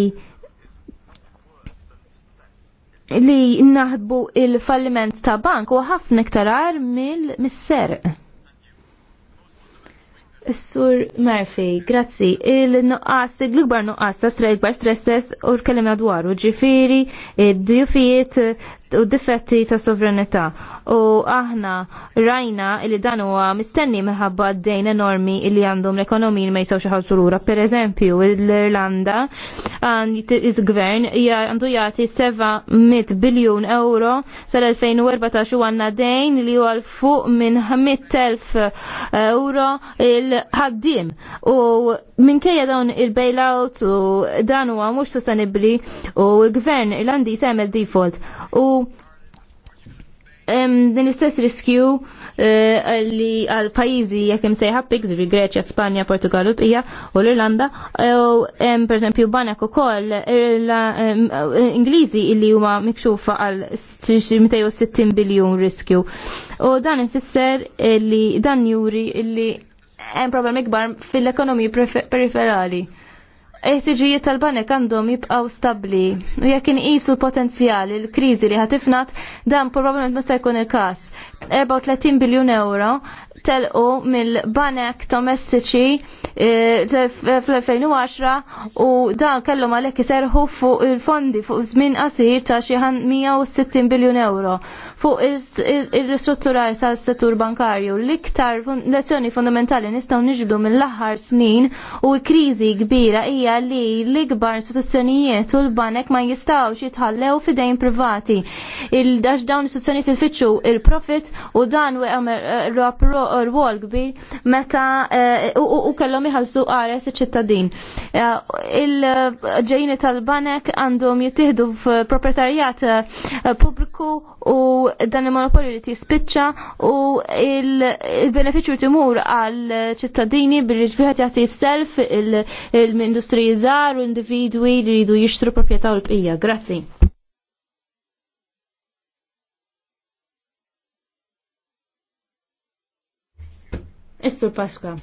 li naħdbu il-falliment ta' bank u ħafna iktar għar mill misser Sur Murphy, grazzi. Il-nuqqas, l-gbar nuqqas, ta' stress, gbar stress test u l-kellimna dwaru, ġifiri, id-dufijiet u difetti ta' sovranità u aħna rajna li dan huwa mistenni minħabba d-dejn enormi li għandhom l-ekonomi li ma jistgħux iħallsu lura. Pereżempju, l-Irlanda iż-gvern għandu jagħti 700 biljun euro sal-2014 u għandna dejn li huwa fuq minn 100,000 eh, euro il-ħaddim u minkejja dawn il-bailout u dan huwa mhux sostenibbli u l-gvern Irlandi semel default u din l-istess riskju eh, li għal pajizi jekk hemm sejħa pigs Greċja, Spanja, Portugal u l-Pija u l-Irlanda, u pereżempju banek ukoll Ingliżi li huma mikxufa għal 360 biljun riskju. U dan ifisser li dan juri li hemm problem ikbar fil-ekonomiji periferali. Eħtiġijiet tal-banek għandhom jibqaw stabli u jekk inqisu l-potenzjal il-kriżi li ħatifnat dan probabbilment ma se jkun il-każ. 34 biljun euro telqu mill-banek domestiċi eh, fl-2010 u dan kellhom għalhekk iserħu fuq il-fondi fuq żmien qasir ta' xi 160 biljun euro fuq il-ristrutturar tal-settur bankarju. L-iktar lezzjoni fundamentali nistgħu nġibdu mill-aħħar snin u kriżi kbira hija li l-ikbar istituzzjonijiet u l-banek ma jistgħux jitħallew fidejn privati. Il-dax dawn istituzzjonijiet jitfittxu il-profit u dan u eh, rwol kbir meta eh, u kellhom iħallsu qares iċ-ċittadin. Eh, Il-ġejjini tal-banek għandhom jittieħdu f'proprjetarjat pubbliku u dan il-monopolju li tispiċċa u il-beneficju timur għal ċittadini billi ġbiħat jagħti self il-industriji żgħar u individwi li jridu jixtru proprjetà u l-bqija. Grazzi. Istur Pasqua.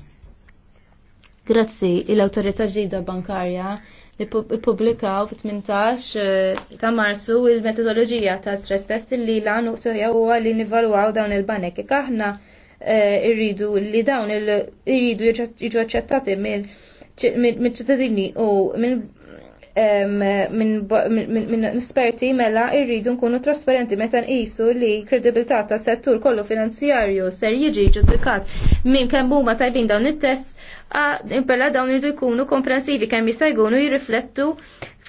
Grazzi, l-autorità ġida bankarja li publikaw fit-18 eh, ta' marzu il-metodoloġija ta' stress test li l-għanu huwa li nivalwaw dawn il-banek. Aħna eh, irridu li dawn irridu jiġu aċċettati mill ċittadini u minn esperti mela irridu nkunu trasparenti meta nqisu li kredibilità ta' settur kollu finanzjarju ser jiġi ġudikat minn kemm huma tajbin dawn it-test impella dawn irridu jkunu komprensivi kemm jista' jkunu jirriflettu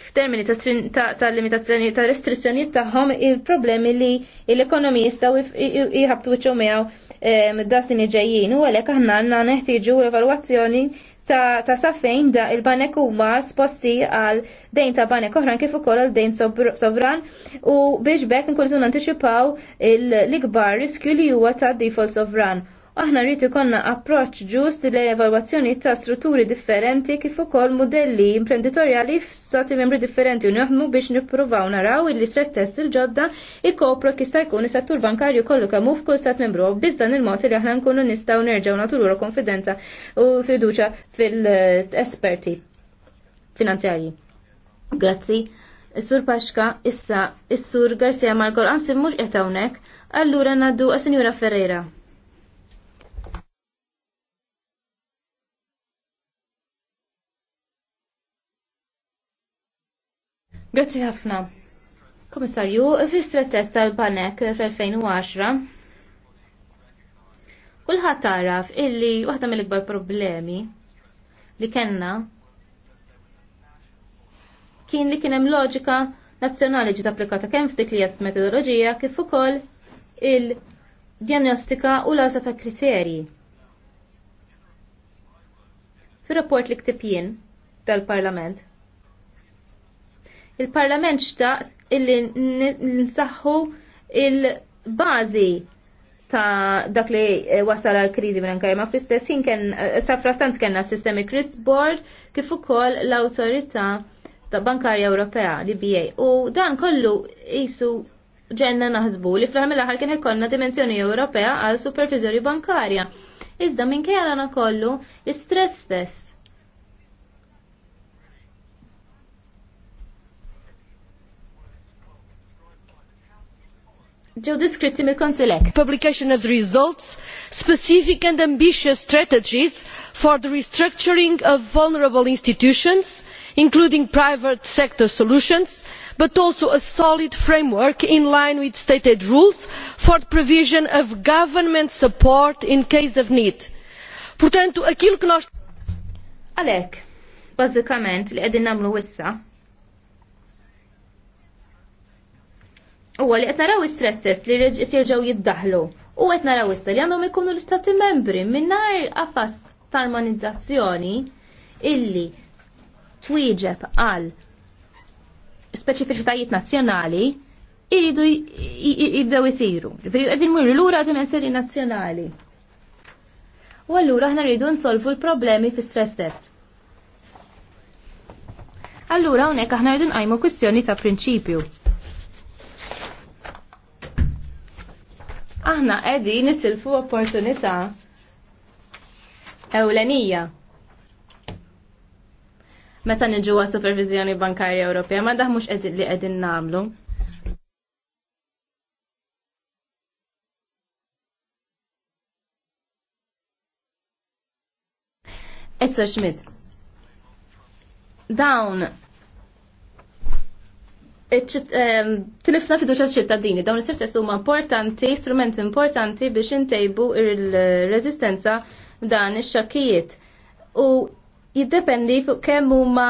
f'termini ta' limitazzjoni ta' restrizzjonijiet tagħhom il-problemi li l-ekonomi jistgħu jħabtu wiċċhom miegħu das ġejjin u għalhekk aħna għandna neħtieġu evalwazzjoni ta', ta safejn da il-banek huma sposti għal dejn ta' banek oħran kif ukoll għal dejn sovran u biex bekk nkunu nantiċipaw l-ikbar riskju li huwa ta' default sovran aħna rrid ikollna approċċ ġust li evalwazzjoni ta' strutturi differenti kif ukoll modelli imprenditorjali f'stati membri differenti u naħdmu biex nippruvaw naraw il stress test il-ġodda ikopru kista jkun is-settur bankarju kollu kemm f'kull stat membru biss dan il-mod li aħna nkunu nistgħu nerġgħu nagħtu konfidenza u fiduċja fil-esperti finanzjarji. Grazzi. Is-sur Paxka, issa, is-sur Garcia Markol, anzi mhux qed hawnhekk, allura ngħaddu għas Ferreira. Grazzi ħafna. Komissarju, fis test tal-Banek fl-2010, kulħadd taraf illi waħda mill-ikbar problemi li kellna kien li kien hemm loġika nazzjonali ġiet applikata kemm f'dik li qed metodoloġija kif ukoll il-diagnostika u l-għażla ta' kriterji. Fir-rapport li ktib jien tal-Parlament, Il-Parlament xtaq illi nsaħħu il-bażi ta' dak li eh, wasal għal kriżi minn ma fl-istess jien kien eh, safrattant kellna sistemi Chris Board kif ukoll l-awtorità ta' Bankarja Ewropea li BA. U dan kollu jisu ġenna naħsbu li fl ħamil mill-aħħar kien ikollna dimensjoni Ewropea għal supervizjoni bankarja. Iżda minn kejja kollu l-stress test ġew diskritti mill-Konsilek. Publication of the results, specific and ambitious strategies for the restructuring of vulnerable institutions, including private sector solutions, but also a solid framework in line with state aid rules for the provision of government support in case of need. Portanto, aquilo que nós. li huwa li qed naraw stress test li jirġgħu jiddaħlu u qed naraw issa li għandhom ikunu l-istati membri mingħajr tal tarmonizzazzjoni illi twieġeb għal speċifiċitajiet nazzjonali iridu jisiru. isiru. għedin qegħdin l lura dimensjoni nazzjonali. U allura aħna rridu nsolvu l-problemi fi stress test. Allura hawnhekk aħna rridu nqajmu kwistjoni ta' prinċipju aħna qegħdin nitilfu opportunità ewlenija. Meta niġu supervizjoni bankarja Ewropea, ma daħ mux li qegħdin namlu. Issa Schmidt, dawn Ehm, tilifna fiduċa ċittadini, dawn l-istess huma importanti, strumenti importanti biex intejbu il-rezistenza dan ix xakijiet U jiddependi fuq kemm huma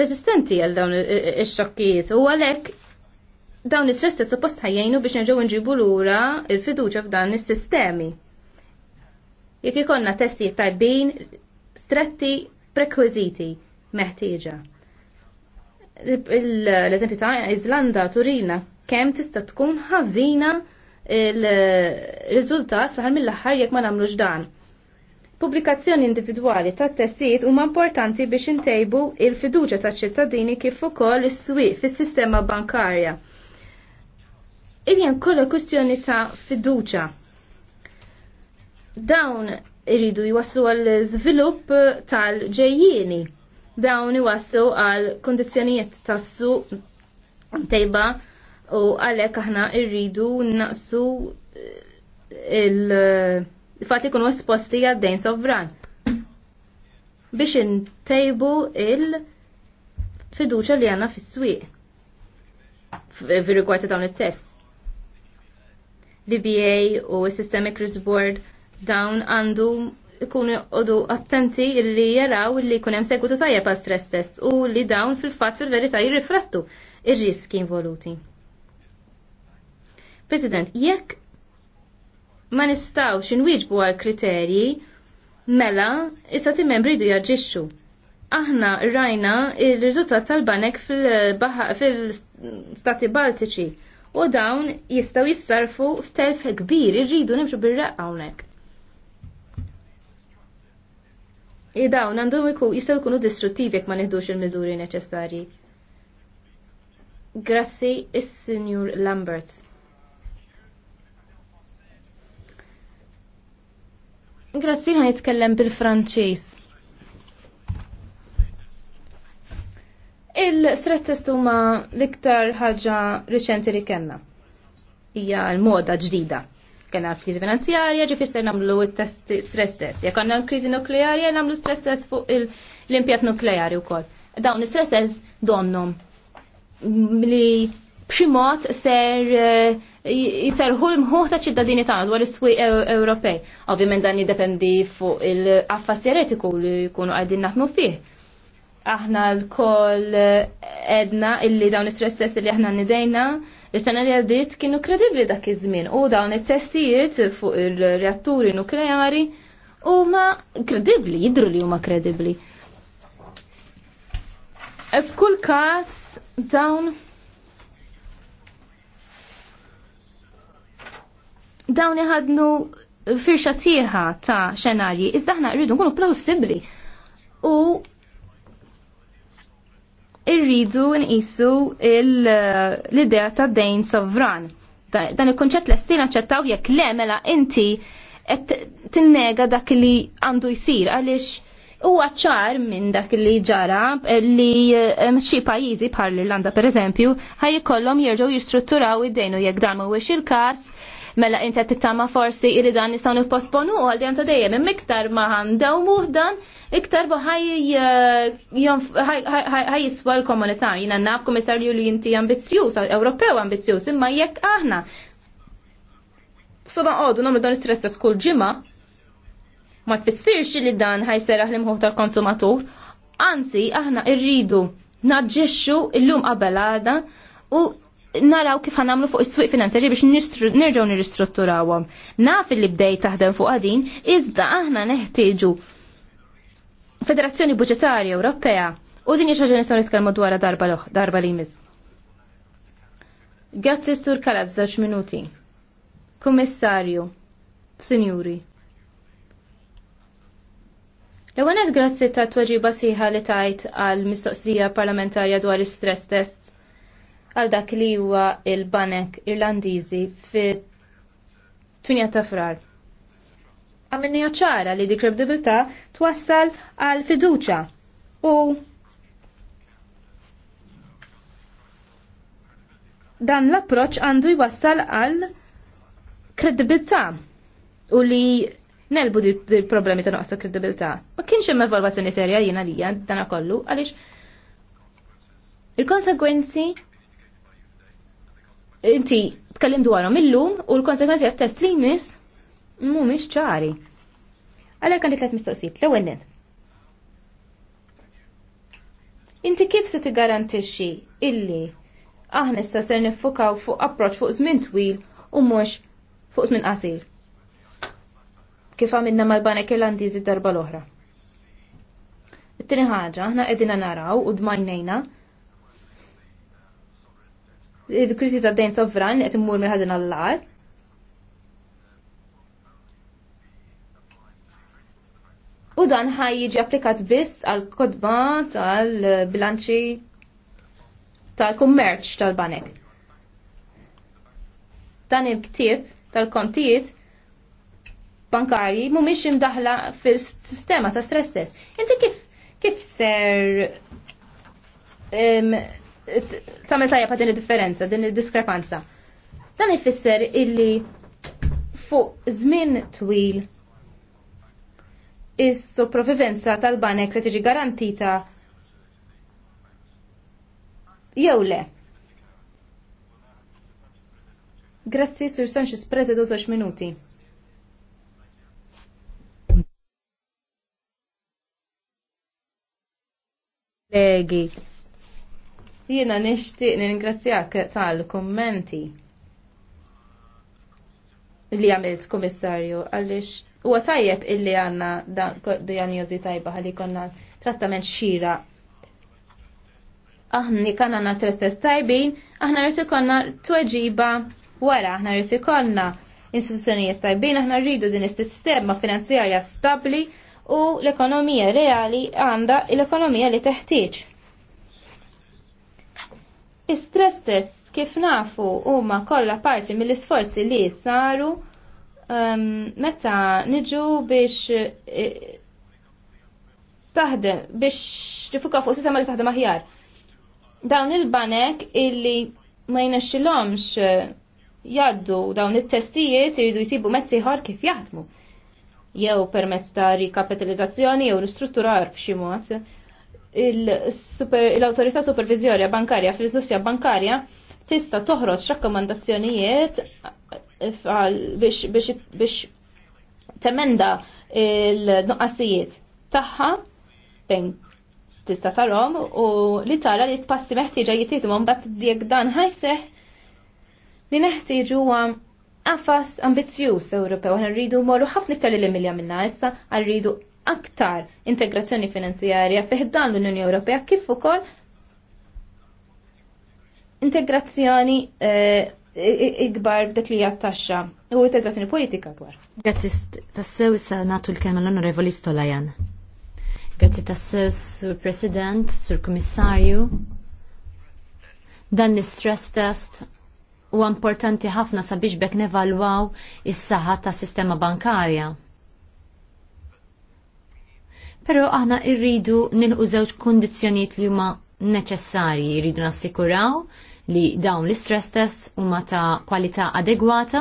rezistenti għal dawn ix xakijiet u għalhekk dawn l-istress test suppost ħajjejnu biex nerġgħu nġibu lura il-fiduċa f'dan is-sistemi. Jekk ikollna testijiet tajbin, stretti, prekwiżiti meħtieġa l-eżempju ta' Iżlanda, Turina, kemm tista' tkun ħażina il-riżultat fl mill-aħħar jekk ma nagħmlux dan. Pubblikazzjoni individwali ta' testijiet huma importanti biex intejbu il-fiduċja taċ-ċittadini kif ukoll is-swieq fis-sistema bankarja. Iljen kollha kwistjoni ta' fiduċa. Dawn iridu jwasslu għall-żvilupp tal-ġejjieni dawn iwassu għal kondizjonijiet tassu tejba u għalek aħna irridu naqsu eh, eh, il-fat li kunu esposti għad-dejn sovran biex intejbu il-fiduċa li għanna fis-swieq f'rigward dawn it-test. BBA u Systemic Risk Board dawn għandu ikunu għodu attenti li jaraw li jkun hemm segwitu tajjeb għal stress test u li dawn fil-fatt fil-verità jirrifrattu ir-riski involuti. President, jekk ma nistawx inwieġbu għal kriterji mela istati membri jdu jaġixxu. Aħna rajna il-riżultat tal-banek fil-stati fil Baltiċi u dawn jistaw jissarfu f'telf kbir irridu nimxu bir raqqa hawnhekk. dawn għandhom ikun jistgħu jkunu distruttivi jekk ma neħdux il-miżuri neċessarji. Grazzi is-Sinjur Lamberts. Grazzi ħan jitkellem bil-Franċiż. Il-stress test huma l-iktar ħaġa riċenti li kellna. Hija l-moda ġdida kena krizi finanzjarja, ġifisser namlu stress test. Jek għanna krizi nuklearja, namlu stress test fuq l-impjat nukleari u koll. Dawn stress test donnom li bximot ser eh, jiserħu l-mħuħ ta' ċittadini tagħna dwar is swi Ewropej. Ovvjament dan jiddependi fuq il-affas teoretiku li jkunu qegħdin naħdmu fih. Aħna l-koll eh, edna illi dawn is-stress test li aħna nidejna Is-sena li għaddiet kienu kredibbli dak iż-żmien u dawn it-testijiet fuq ir reatturi nukleari huma kredibbli, jidru li huma kredibbli. F'kull każ dawn dawn iħadnu firxa sieħa ta' xenarji, iżda ħna rridu nkunu plawsibbli. U irridu nqisu l-idea ta' dejn sovran. Dan il-konċett l-estina ċettaw jekk le mela inti qed tinnega dak li għandu jsir għaliex huwa ċar minn dak li ġara eh, li eh, xi pajjiżi bħal l-Irlanda pereżempju ħaj ikollhom jerġgħu jistrutturaw id-dejnu jekk dan mhuwiex il-każ Mela inti tittama forsi li dan nistaw nipposponu għal dejjem ta' dejjem hemm iktar ma ħandewmu dan iktar eh, ħaj jiswa l-komunità. jina naf kummissarju li jinti ambizzjuż, Ewropew ambizjus imma jekk aħna Soba għodu nomlu dan stress ta' skull ġimma, ma tfissirx li dan ħajseraħ l-imħuħ tal-konsumatur, anzi aħna irridu naġġixxu illum qabel għada u naraw kif għanamlu fuq is-suq finanzjari biex nirġgħu nirristrutturawhom. Naf li bdej taħdem fuq għadin, iżda aħna neħtieġu Federazzjoni Budġetarja Ewropea u din xi ħaġa nistgħu nitkellmu dwar darba li jmiss. Grazzi Sur Kalaz żewġ minuti. Kummissarju, Sinjuri. L-ewwel grazzi ta' tweġiba sieħa li tajt għal mistoqsija parlamentarja dwar is-stress test għal dak li huwa il-banek Irlandiżi fit 8 ta' frar. Għamilni ċara li di kredibilità twassal għal fiduċa u dan l-approċ għandu jwassal għal kredibilità u li nelbu di problemi ta' noqsa kredibilità. Ma kienx hemm evalwazzjoni serja jiena lija dan kollu għaliex il-konsegwenzi inti tkellim dwarhom illum u l-konsekwenzi għat-test li jmiss mhumiex ċari. Għalhekk għandi tliet mistoqsijiet. L-ewwel Inti kif se tigarantixxi illi aħna issa ser niffukaw fuq approċċ fuq żmien twil u mhux fuq żmien qasir. Kif għamilna mal-banek Irlandiżi darba l-oħra. It-tieni ħaġa aħna qegħdin naraw u dmajnejna il-kriżi ta' dejn sovran qed immur mill-ħażin għall-għar. U dan ħaj jiġi applikat biss għal kodba tal-bilanċi tal-kummerċ tal-banek. Dan il-ktib tal-kontijiet bankari mumiex imdaħla fil-sistema ta' stress test. Inti kif kif ser um, tamel tajja pa' din id-differenza, din id-diskrepanza. Dan ifisser illi fuq żmien twil is sopravvivenza tal-banek se tiġi garantita jew le. Grazzi, Sir Sanchez, prezedu 12 minuti. Legi. Jiena nixtieq ningrazzjak tal-kummenti li għamilt kummissarju għaliex huwa tajjeb illi għandna jozi tajba ħalli konna trattament xira. Aħni kanna għandna stress test tajbin, aħna rrid ikollna tweġiba wara, aħna rrid ikollna istituzzjonijiet tajbin, aħna rridu din is-sistema finanzjarja stabbli u l-ekonomija reali għandha l-ekonomija li teħtieġ. Is-stress test kif nafu huma kollha parti mill-isforzi li saru um, meta niġu biex e, taħdem biex tifuka fuq sistema li taħdem aħjar. Dawn il-banek illi ma jnexxilhomx eh, jaddu dawn it-testijiet iridu jsibu mezz ieħor kif jaħdmu jew permezz ta' rikapitalizzazzjoni jew ristrutturar b'xi mod l-autorità supervizjorja bankarja fl-industrija bankarja tista toħroġ rakkomandazzjonijiet eh, biex temenda il-nuqqasijiet tagħha bejn tista' tarhom u li tara li t-passi meħtieġa jittieħdu mbagħad dik dan ħajseħ li neħtieġu huwa qafas Ewropew għan rridu morru ħafna iktar li milja minna issa għan rridu aktar integrazzjoni finanzjarja fih dan l-Unjoni Ewropea kif ukoll integrazzjoni eh, ikbar dak li hija u integrazzjoni politika akbar. Grazzi tassew issa nagħtu l-kelma l-Onorevoli Stolajan. Grazzi tassew sur President, sur Kummissarju. Dan l-stress test huwa importanti ħafna sabiex bek nevalwaw is-saħħa tas-sistema bankarja Pero aħna irridu nilqu żewġ kondizzjonijiet li huma neċessarji, irridu nassikuraw li dawn l-istress test huma ta' kwalità adegwata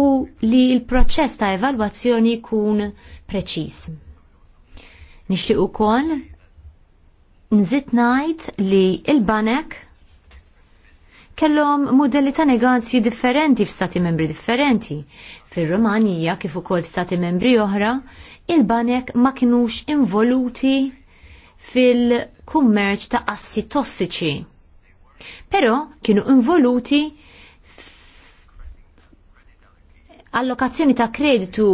u li l-proċess ta' evalwazzjoni jkun preċiż. Nixtieq ukoll nżid ngħid li l-banek kellhom modelli ta' negozji differenti f'stati membri differenti. Fir-Rumanija kif ukoll f'stati membri oħra, il-banek ma kinux involuti fil-kummerċ ta' assi tossiċi. Però kienu involuti allokazzjoni ta' kreditu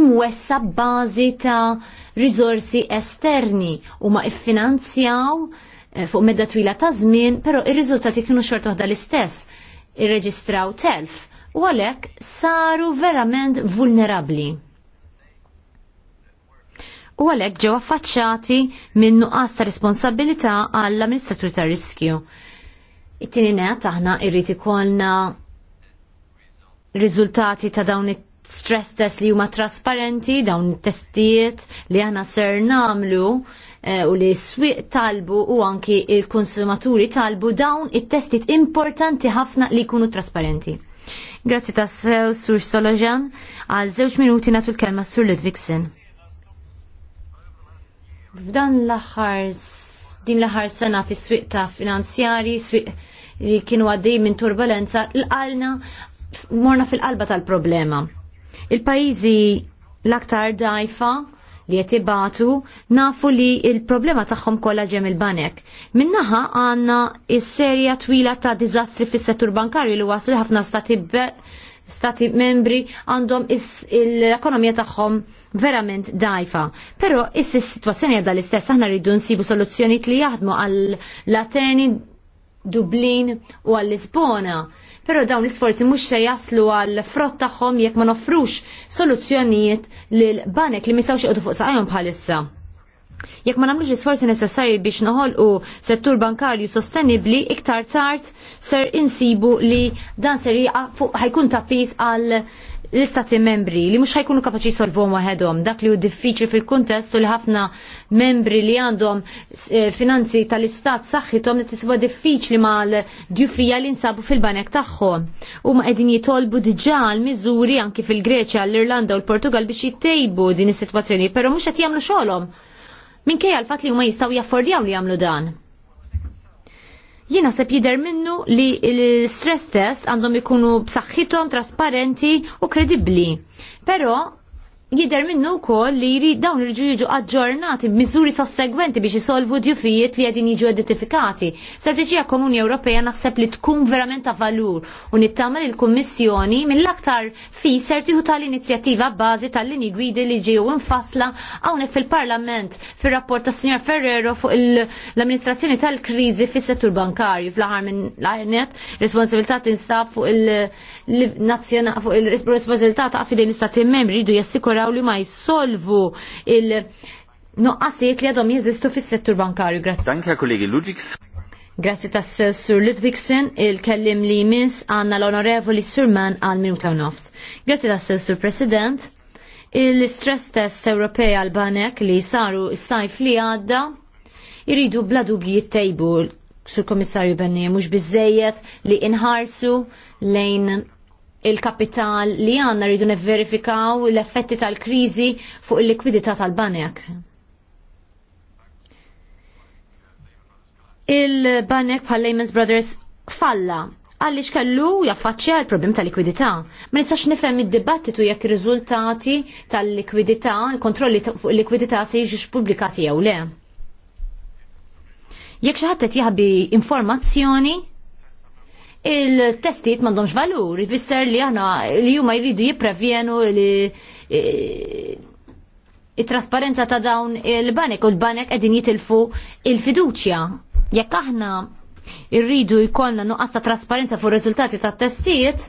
imwessa bażi ta' risorsi esterni u ma' iffinanzjaw eh, fuq medda twila ta' żmien, però ir-riżultati kienu xorta dal l-istess, irreġistraw telf u għalhekk saru verament vulnerabbli u għalhekk ġew affaċċati minn nuqqas ta' responsabilità għall-amministratur ta' riskju. It-tieni net aħna irrid ikollna riżultati ta' dawn it stress test li huma trasparenti dawn it testijiet li aħna ser namlu eh, u li s-swiq talbu u anki il-konsumaturi talbu dawn it-testijiet importanti ħafna li jkunu trasparenti. Grazzi ta' sew sur Solojan għal żewġ minuti natu l-kelma sur Ludwigsen. F'dan l-aħħar din l-aħħar sena fis-swieq ta' finanzjari, swieq li kienu għaddej minn turbulenza, l-qalna morna fil-qalba tal-problema. Il-pajizi l-aktar dajfa li qed ibatu nafu li il-problema tagħhom kollha ġem il-banek. Minnaħa għandna is-serja twila ta' diżastri fis-settur bankarju li waslu ħafna stati stati membri għandhom l-ekonomija tagħhom verament dajfa. Però is-sitwazzjoni għadha l-istess aħna rridu nsibu soluzzjonijiet li jaħdmu għall Lateni, Dublin u għall Lisbona. Però dawn l-isforzi mhux se jaslu għall frott tagħhom jekk ma nofrux soluzzjonijiet lil banek li mistgħux joqgħdu fuq saqajhom bħalissa. Jekk ma nagħmlux l-isforzi necessarji biex noħolqu settur bankarju sostenibbli iktar tard ser insibu li dan ser ħajkun tapis għal l-istati membri li mhux ħajkunu kapaċi jsolvuhom waħedhom dak li hu diffiċli fil-kuntest u li ħafna membri li għandhom eh, finanzi tal-istat saħħithom li tiswa diffiċli mal-djufija li nsabu fil-banek tagħhom. Huma qegħdin jitolbu diġà l-miżuri anki fil-Greċja, l-Irlanda u l-Portugal biex jittejbu din is-sitwazzjoni, però mhux qed jagħmlu xogħolhom minkejja għal fat li huma jistgħu jaffordjaw li jagħmlu dan. Jina sepp jider minnu li l-stress test għandhom ikunu b'saħħithom trasparenti u kredibbli. Però jider minnu kol li jiri dawn irġu jiġu aġġornati b'miżuri sossegwenti biex jisolvu djufijiet li għedin jiġu identifikati. Strategija Komuni Ewropea naħseb li tkun verament ta' valur u nittamal il-Kummissjoni mill-aktar fi sertiħu tal-inizjattiva bazi tal-lini gwidi li ġiju infasla hawnhekk fil-Parlament fir-rapport ta' Sinjor Ferrero fuq l-amministrazzjoni tal-kriżi fis-settur bankarju fl-aħħar minn l-arnet responsabilitat tinsab fuq il-nazzjonali fuq il-responsabilità ta' fidel l-istati membri jridu jassikur jassikuraw li ma jissolvu il- Noqqasiet li għadhom jeżistu fis-settur bankarju. Grazzi. Danke, kollegi Ludwigs. Grazzi tas Sur Ludwigsen, il-kellim li jmiss għanna l-onorevoli Surman għal minuta nofs. Grazzi tas Sur President, il-stress test Ewropej għal banek li saru s-sajf li għadda jiridu bla dubju jittejbu Sur Komissarju Benni mhux biżejjed li inħarsu lejn il-kapital li għanna rridu neverifikaw l-effetti tal-krizi fuq il-likwidità tal-banek. Il-banek bħal Lehman Brothers falla għalli kellu jaffaċċja l-problem tal-likwidità. Ma nistax nifhem id-dibattitu jekk ir-riżultati tal-likwidità, il-kontrolli fuq il-likwidità se jiġux pubblikati jew le. Jekk xi ħadd qed jaħbi informazzjoni, il-testijiet m'għandhomx valur, ifisser li aħna li huma jridu jipprevjenu li e, e, trasparenza ta' dawn il-banek u l-banek qegħdin jitilfu il-fiduċja. Jekk aħna irridu jkollna nuqqas ta' trasparenza fuq riżultati ta' testijiet,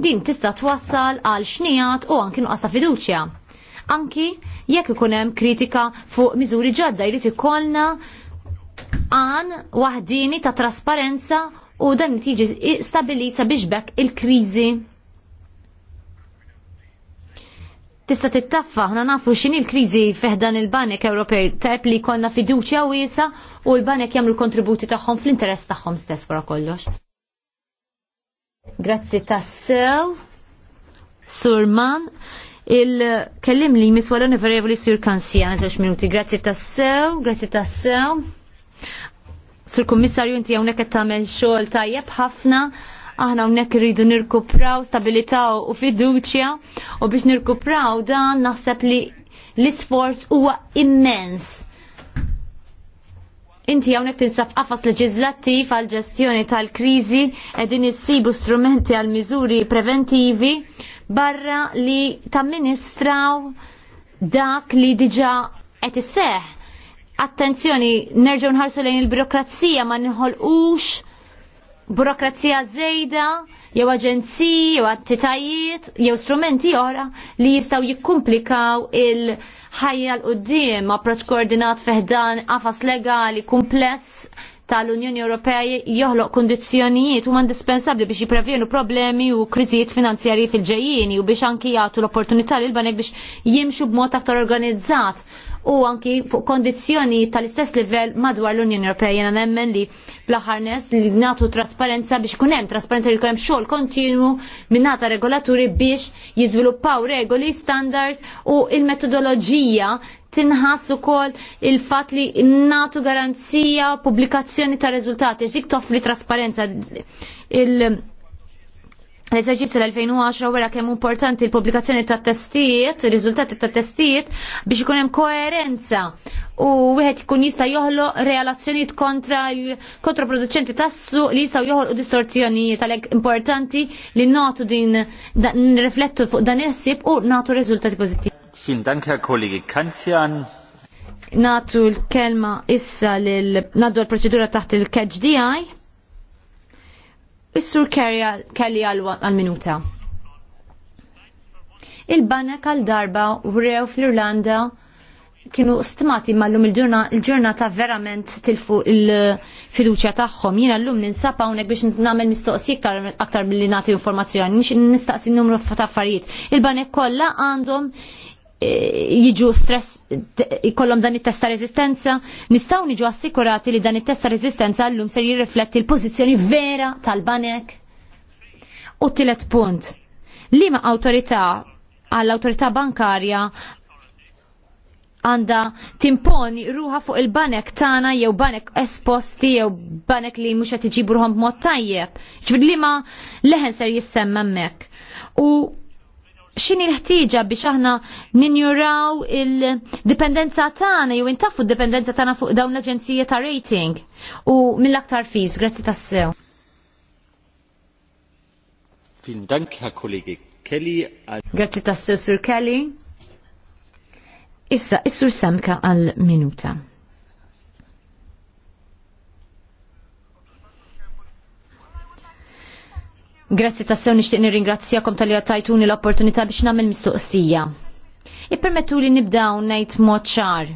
din tista' twassal għal xnijat u anki nuqqas ta' fiduċja. Anki jekk ikun hemm kritika fuq miżuri ġodda jrid ikollna għan wahdini ta' trasparenza u dan tiġi stabilizza biex bekk il-kriżi tista' tittaffa ħna nafu x'inhi l-kriżi feħdan il-Banek Ewropej tajb li jkollna fiduċja wiesa u l-banek jagħmlu kontributi tagħhom fl-interess tagħhom stess wara kollox. Grazzi tassew. Surman, il-kellim li miswa l Sur Kansija, għazax minuti. Grazzi tassew, grazzi tassew. Sur Kummissarju inti hawnhekk qed tagħmel xogħol tajjeb ħafna aħna unnek rridu nirkupraw stabilità u fiduċja u biex nirkupraw dan naħseb li l-isforz huwa immens. Inti hawnhekk tinsab qafas leġislattiv għal ġestjoni tal-kriżi qegħdin issibu strumenti għal miżuri preventivi barra li tamministraw dak li diġa qed iseħħ attenzjoni nerġgħu nħarsu lejn il-birokrazija ma nħolqux burokrazija żejda jew aġenziji jew attitajiet jew strumenti oħra li jistgħu jikkumplikaw il-ħajja l qudiem approċċ koordinat feħdan, għafas legali kumpless tal-Unjoni Ewropea joħloq kundizzjonijiet huma indispensabbli biex jipprevjenu problemi u kriżijiet finanzjarji fil-ġejjieni u biex anki jagħtu l-opportunità lil banek biex jimxu b'mod aktar organizzat u anki fuq kondizzjoni tal-istess livell madwar l-Unjoni Ewropea jena nemmen li fl-ħarnes li natu trasparenza biex hemm trasparenza li hemm xogħol kontinu minnata regolaturi biex jiżviluppaw regoli standard u il-metodoloġija tinħass ukoll il-fatt li natu garanzija pubblikazzjoni ta' riżultati ġik toffli trasparenza il- l-eżerġizzju l-2010 wara kemm importanti l-pubblikazzjoni ta' testijiet, riżultati ta' testijiet biex ikun hemm koerenza u wieħed ikun jista' joħloq relazzjonijiet kontra kontra kontraproduċenti tassu li jistgħu joħolqu distorzjonijiet għalhekk importanti li nagħtu din nirriflettu fuq dan il-ħsieb u nagħtu riżultati pożittivi. Fin danka kollegi Kanzjan. Natu l-kelma issa lil nadu l-proċedura taħt il DI. Is-sur kelli għal-minuta. Il-banek għal-darba rew fl-Irlanda kienu stimati mallum il-ġurnata verament tilfu il-fiduċja tagħhom. Jiena llum ninsab hawnhekk biex nagħmel mistoqsi aktar milli nagħti informazzjoni, nix nistaqsi numru ta' affarijiet. Il-banek kollha għandhom jiġu stress, jkollhom dan it-testa rezistenza, nistgħu niġu assikurati li dan it-testa rezistenza llum ser jirrifletti l-pożizzjoni vera tal-banek. U tielet punt, liema awtorità għall-awtorità bankarja għanda timponi ruha fuq il-banek tana jew banek esposti jew banek li mhux qed iġibu b'mod tajjeb. Ġifieri liema leħen ser jissemma hemmhekk. U xini l-ħtieġa biex aħna ninjuraw il-dipendenza tagħna jew intafu d-dipendenza tagħna fuq dawn l-aġenzija ta' rating u mill-aktar fiz, grazzi tassew. Fin Dank, Herr kollegi Kelly. Grazzi tassew, Sur Kelly. Issa, is-Sur Samka għal-minuta. Grazzi tassew nixtieq nirringrazzjakom tal-li għattajtuni l-opportunità biex nagħmel mistoqsija. Ippermettu li nibdaw ngħid mod ċar.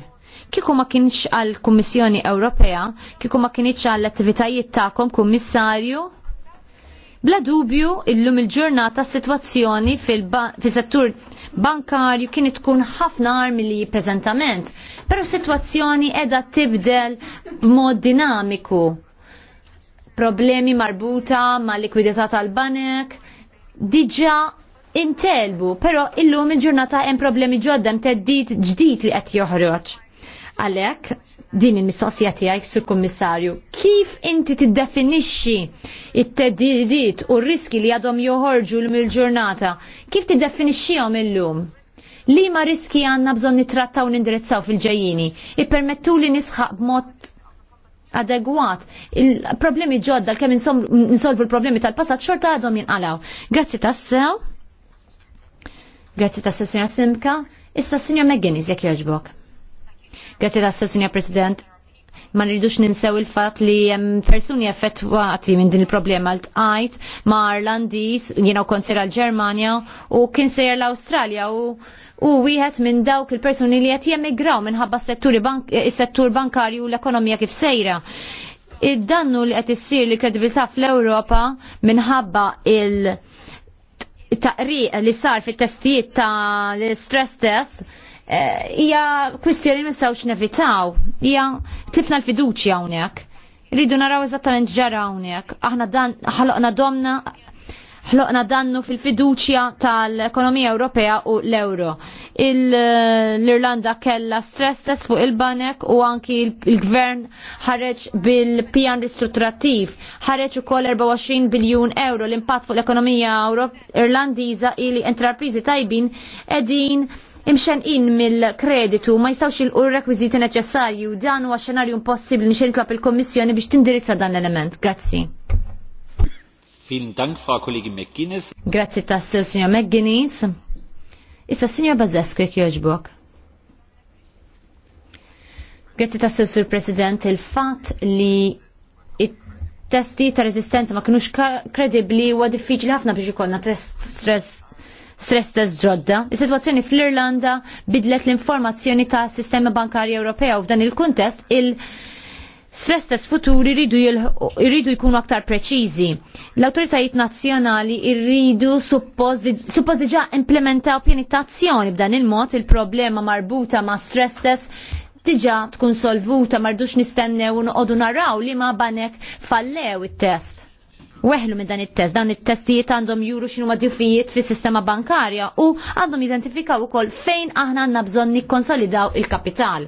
Kieku ma kienx għall kummissjoni Ewropea, kieku ma kienx għall attivitajiet tagħkom kummissarju, Bla dubju, illum il-ġurnata situazzjoni fil-settur bankarju kien tkun ħafna armi li prezentament, pero situazzjoni edha tibdel b'mod dinamiku problemi marbuta ma' likwidità tal-banek, diġa intelbu, pero illum il-ġurnata hemm problemi ġodda hemm teddit ġdid li qed joħroġ. Għalhekk, din il-mistoqsija tiegħek sur kummissarju, kif inti tiddefinixxi it-teddidiet u r-riski li għadhom joħorġu mill-ġurnata? Kif tiddefinixxihom illum? Li ma riski għanna bżon nitrattaw nindirizzaw fil-ġajjini? Ippermettu li nisħaq b'mod adegwat. Il-problemi ġodda kemm insolvu l-problemi tal-passat xorta għadhom jinqalaw. Grazzi tassew. Grazzi tas Sinja Simka. Issa, Sinja McGinnis, jek jogħġbok. Grazzi tassew, Sinja President ma nridux ninsew il-fat li hemm persuni effettwati minn din il-problema l-tqajt ma Arlandis, jiena kont sejra l-Ġermanja u kien sejra l-Awstralja u u wieħed minn dawk il-persuni li qed jemigraw minħabba s-settur bank, bankarju u l-ekonomija kif sejra id-dannu li qed issir li kredibilità fl-Ewropa minħabba il taqriq li sar fit-testijiet ta' l-stress test Eh, hija kwistjoni mistawx nevitaw, hija tlifna l-fiduċja hawnhekk. Rridu naraw eżattament ġara hawnhekk. Aħna dan ħloqna domna ħloqna dannu fil-fiduċja tal-ekonomija Ewropea u l-euro. Eh, L-Irlanda kella stress test fuq il-banek u anki il-gvern ħareġ bil-pjan ristrutturattiv. ħareġ ukoll 24 biljun euro l-impatt fuq l-ekonomija Irlandiża ili entrapriżi tajbin edin imxen in mill-kreditu ma jistawx il rekwiziti neċessarju dan huwa xenarju impossibbli nixen nitlob il-Kommissjoni biex tindirizza dan l-element. Grazzi. Fin Dank, fa kollegi McGuinness. Grazzi tas signor McGuinness. Issa signor Bazesku jek joġbok. Grazzi tas sur President, il-fat li testi ta' rezistenza ma kienux kredibli u diffiċli ħafna biex ikonna stress stress test ġodda. Is-sitwazzjoni fl-Irlanda bidlet l-informazzjoni ta' sistema bankarja Ewropea u f'dan il-kuntest il-, Stress test futuri irridu jkunu aktar preċiżi. L-autoritajiet nazzjonali irridu suppost diġa implementaw azzjoni b'dan il-mod il-problema marbuta ma' stress test diġa tkun solvuta mardux nistennew un naraw li ma' banek fallew it-test weħlu minn dan it-test. Dan it-testijiet għandhom juru xinu madjufijiet fis sistema bankarja u għandhom identifikaw ukoll fejn aħna għandna bżonn nikkonsolidaw il-kapital.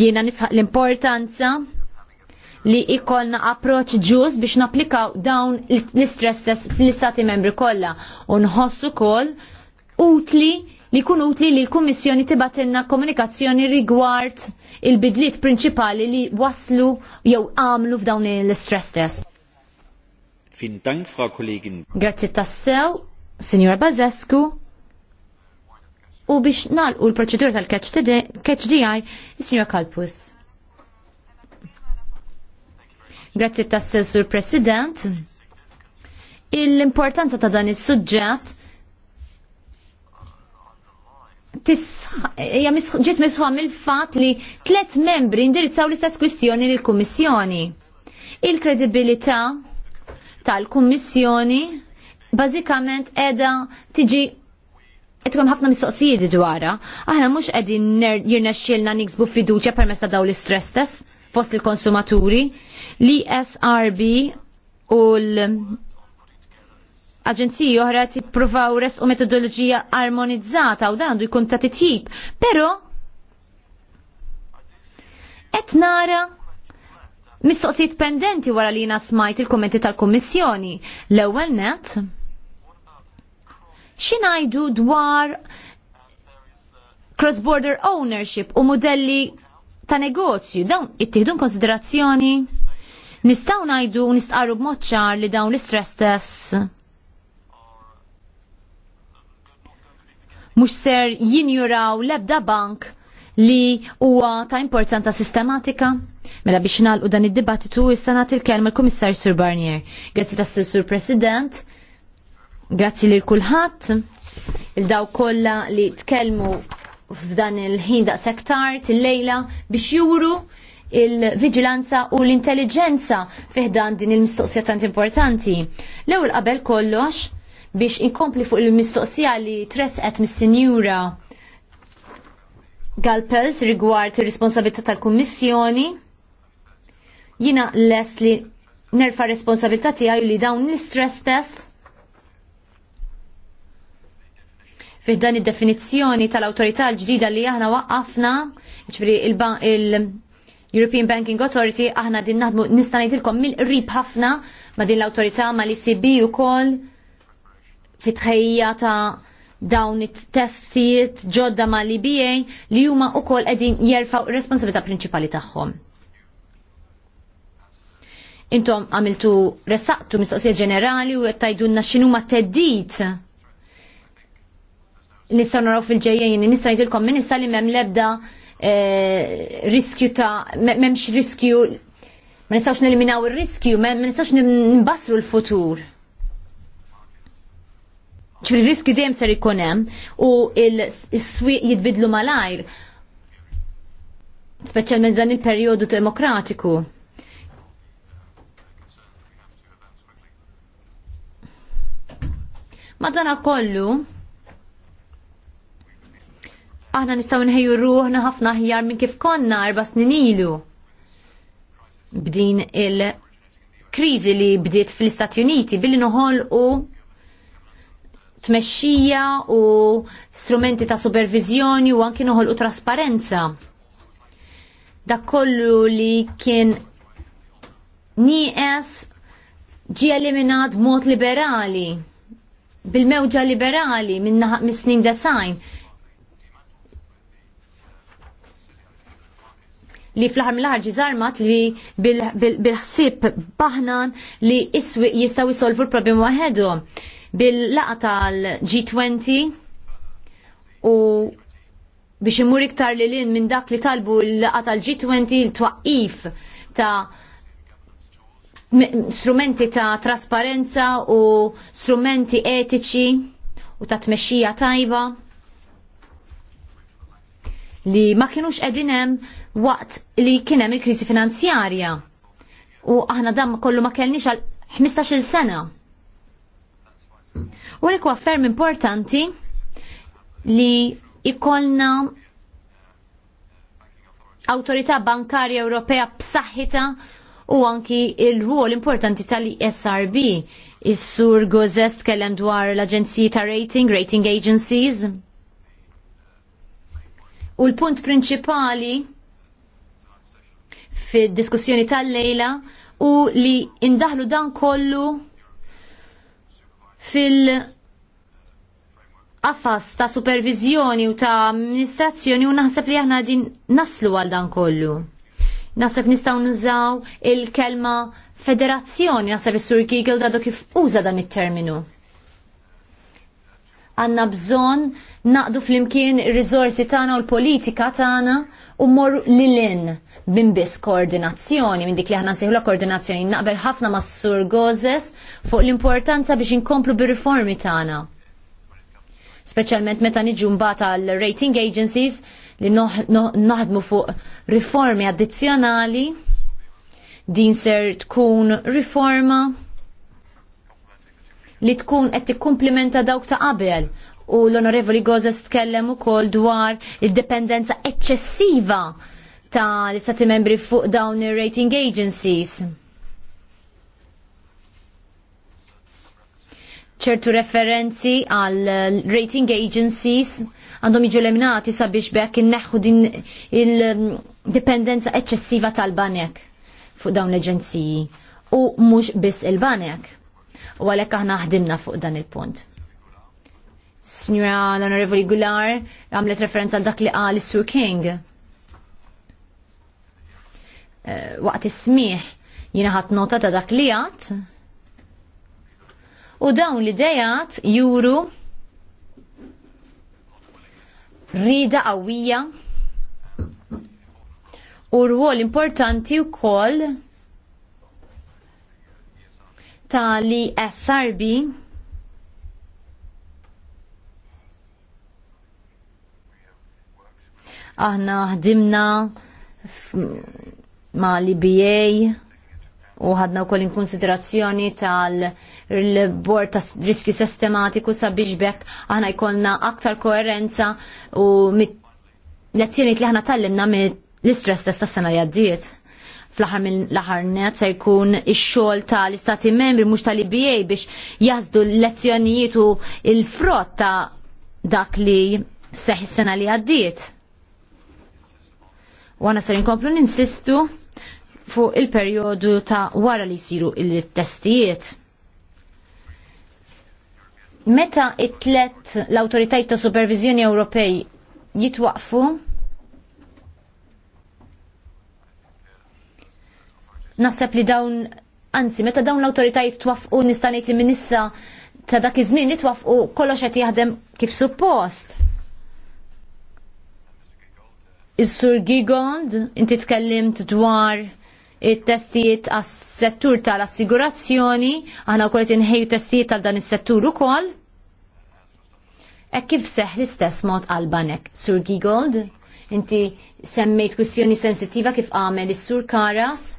Jiena nisħaq l-importanza li ikolna approċ ġus biex naplikaw dawn l-istress test fl-istati membri kollha u nħossu koll utli li kun utli li l-Kummissjoni tibatenna komunikazzjoni rigward il-bidliet prinċipali li waslu jew għamlu f'dawn l-istress test. Fin dank, Frau Kollegin. Grazzi tassew, Signora Bazescu. U biex nalqu l-proċedura tal-catch DI, Signora Kalpus. Grazie tassew, Sur President. L-importanza ta' dan il suġġett ġiet misħom il-fat li tlet membri indirizzaw l-istess kwistjoni l-Kummissjoni. kummissjoni Il-kredibilità tal-Kummissjoni bażikament edha tiġi Itkom ħafna mistoqsijiet dwarha, aħna mhux qegħdin jirnexxielna niksbu fiduċja permezz ta' dawn l-istress test fost il-konsumaturi li SRB u l aġenziji oħra tippruvaw resqu metodoloġija armonizzata u dan jkun ta' titjib, però qed nara mistoqsijiet pendenti wara li jina smajt il-kommenti tal-Kommissjoni. L-ewwel net xinajdu dwar cross-border ownership u modelli ta' negozju dawn ittieħdu konsiderazzjoni nistgħu ngħidu nistqarru b'mod ċar li dawn l-istress tests mhux ser jinjuraw l-ebda bank li huwa ta' importanza sistematika? Mela biex nalqu dan id-dibattitu issa nagħti il-kelma l-Kummissar Sur Barnier. Grazzi tas Sur President, grazzi lil kulħadd, il-daw kollha li tkellmu f'dan il-ħin da' sektar til-lejla biex juru il-vigilanza u l-intelligenza fiħdan din il-mistoqsija tant importanti. L-ewwel qabel kollox biex inkompli fuq il-mistoqsija li tresqet mis-sinjura Galpels rigward ir-responsabilità tal-Kummissjoni. Jina les li nerfa' responsabilità tiegħi li dawn l-istress test fih dan id-definizzjoni tal-awtorità l-ġdida li aħna waqqafna, ċifri il-European Banking Authority, aħna din naħdmu nista' ngħidilkom mill-qrib ħafna ma' din l-awtorità ma' l-ECB kol fit-tħejja ta' dawn it-testijiet ġodda ma' Libijaj li huma wkoll qegħdin jerfaw responsabilità prinċipali tagħhom. Intom għamiltu ressaqtu mistoqsija ġenerali u qed tajdunna x'inhuma teddit nistgħu naraw fil-ġejjejn, nista' jgħidilkom minn issa li m'hemm l-ebda eh, riskju ta' m'hemmx riskju ma nistgħux neliminaw ir-riskju, ma nistgħux nbassru l-futur ċri riski dejjem ser ikun hemm u il-swieq jitbidlu malajr, speċjalment dan il periodu demokratiku. Madana kollu, aħna nistaw nħejju ruħna ħafna ħjar minn kif konna erba snin ilu. Bdin il-krizi li bdiet fl-Istati Uniti billi noħol u tmexxija u strumenti ta' supervizjoni u anki noħolqu trasparenza. Dak kollu li kien nieqes ġie eliminat b'mod liberali bil-mewġa liberali minn snin design li fl-ħar mill-ħar li bil-ħsib baħnan li jistgħu jisolvu l-problemi waħedhom bil-laqa tal-G20 u biex imur iktar li lin minn dak li talbu l-laqa tal-G20 l-twaqif ta' strumenti ta' trasparenza u strumenti etiċi u ta' tmexxija tajba li ma kienux edinem waqt li kienem il-krisi finanzjarja. U aħna dam kollu ma kellniex għal 15 sena. U li ferm importanti li ikolna autorità bankarja Ewropea b'saħħitha u anki il-ruol importanti tal-SRB. Is-sur Gozest kellem dwar l-Aġenziji ta' Rating, Rating Agencies. U l-punt prinċipali fid-diskussjoni tal-lejla u li indaħlu dan kollu fil- affas ta' supervizjoni u ta' amministrazzjoni u naħseb li aħna din naslu għal dan kollu. Naħseb nistaw nużaw il-kelma federazzjoni, naħseb is sur Giegel da' kif uża dan it-terminu għanna bżon naqdu fl-imkien il-rizorsi tagħna u l-politika tagħna u mor lilin bin biss koordinazzjoni, minn dik li aħna la koordinazzjoni, naqbel ħafna ma' sur Gozes fuq l-importanza biex inkomplu bir-riformi tagħna. Speċjalment meta niġu mbagħad l rating agencies li naħdmu fuq riformi addizzjonali din ser tkun riforma li tkun qed tikkumplimenta dawk ta' qabel u l-Onorevoli Gozes tkellem ukoll dwar id-dependenza eċċessiva ta' l-istati membri fuq dawn ir-rating agencies. ċertu referenzi għal rating agencies għandhom jiġu eliminati sabiex bekk inneħħu din il-dipendenza eċċessiva tal-banek fuq dawn l eġenziji u mhux biss il-banek u għalhekk aħna ħdimna fuq dan il-punt. Signora l-Onorevoli Gular għamlet referenza għal dak li qal is-Sur King. Eh, waqt is smih jiena ħadd nota ta' dak li għat. U dawn l-idejat juru rida qawwija u rwol importanti wkoll tali SRB aħna ħdimna ma l-IBA u ħadna u koll konsiderazzjoni tal-bord ta' riskju sistematiku sa' bekk aħna jkollna aktar koerenza u mit lezzjoni li ħana tallimna mit l-istress testa s sena li għaddiet fl-aħħar net se jkun ix-xogħol tal-Istati Membri mhux tal-IBA biex jaħdu l-lezzjonijiet u l-frott ta' dak li seħ is-sena li għaddiet. U għana ser inkomplu ninsistu fuq il-perjodu ta' wara li jsiru il-testijiet meta it-tlet l-autoritajt ta' supervizjoni Ewropej jitwaqfu Naħseb li dawn anzi meta dawn l-awtoritajiet twaffqu nista' ngħid li minissa issa ta' dak iż-żmien nitwaffqu kollox qed jaħdem kif suppost. Is-Sur Gigold, inti tkellimt dwar it-testijiet għas-settur tal-assigurazzjoni, aħna wkoll qed inħejju testijiet tal dan is-settur ukoll. Hekk kif seħ l-istess mod għalbanek, Sur Gigold, inti semmejt kwistjoni sensittiva kif għamel is-Sur Karas,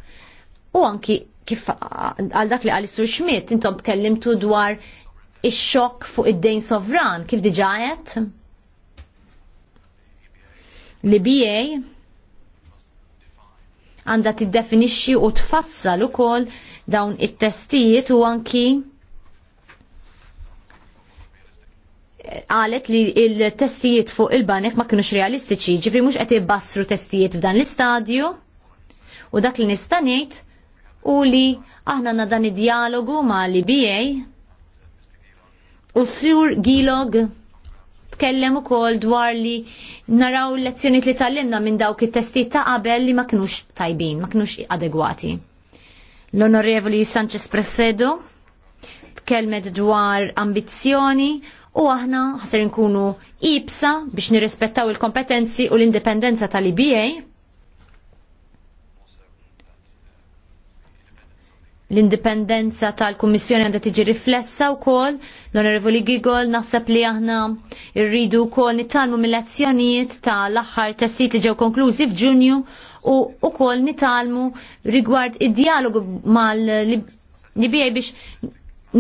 u anki kif għal dak li għal Sur Schmidt intom tkellimtu dwar ix-xokk fuq id-dejn sovran kif diġa għedt? Li BA għandha tiddefinixxi u tfassal ukoll dawn it-testijiet u anki għalet li il-testijiet fuq il-banek ma kienux realistiċi, ġifri mux għet bassru testijiet f'dan l-istadju u dak li nistanejt u li aħna na dan id-dialogu ma li iba u sur Gilog tkellem ukoll dwar li naraw lezzjoniet li tallimna minn dawk it testiet ta' qabel li ma kinux tajbin, ma kinux adegwati. L-Onorevoli Sanchez Presedo tkellmet dwar ambizzjoni u aħna ħasir nkunu ibsa biex nirrispettaw il-kompetenzi u l-indipendenza tal-IBA l-indipendenza tal-Kummissjoni għandha tiġi riflessa wkoll, l-Onorevoli Gigol naħseb li aħna rridu wkoll nitalmu mill-azzjonijiet tal-aħħar testijiet li ġew konklużi f'Ġunju u wkoll nitalmu rigward id-dialogu mal-Libija biex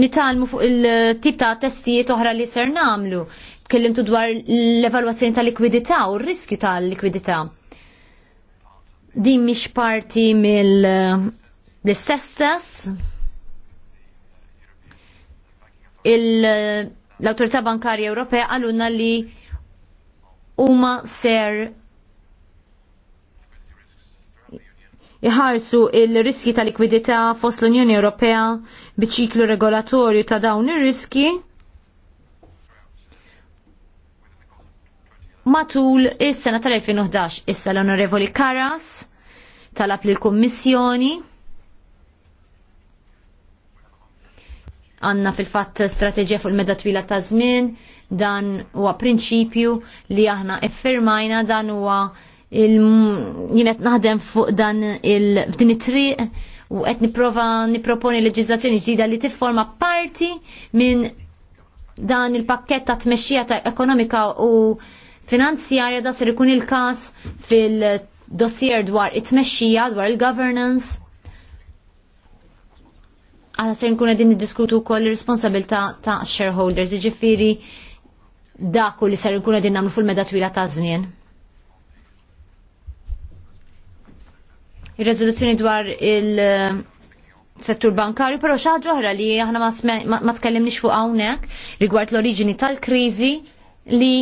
nitalmu fuq il-tip ta' testijiet oħra li ser namlu. Tkellimtu dwar l-evalwazzjoni tal-likwidità u r-riskju tal-likwidità. Din mhix parti mill- l-istess stess l-Autorità Bankarja Ewropea għalluna li huma ser iħarsu il-riski ta' likwidità fost l-Unjoni Ewropea biċiklu regolatorju ta' dawn ir-riski matul is-sena tal-2011 issa l-Onorevoli Karas talab lill kummissjoni għanna fil-fatt strateġija fuq il medda twila ta' żmien, dan huwa prinċipju li aħna iffirmajna dan huwa jienet naħdem fuq dan il-din it-triq u qed nipprova niproponi leġiżlazzjoni ġdida li tifforma parti minn dan il-pakket ta' tmexxija ta' ekonomika u finanzjarja da ser ikun il-każ fil-dossier dwar it-tmexxija dwar il-governance għana ser nkun għedin diskutu kol responsabilta ta' shareholders, iġifiri daku li ser nkun għedin namlu ful meda twila ta' znien. Il-rezoluzzjoni dwar il- settur bankarju, pero xaġa oħra li aħna ma nix fuq hawnhekk rigward l-oriġini tal-kriżi li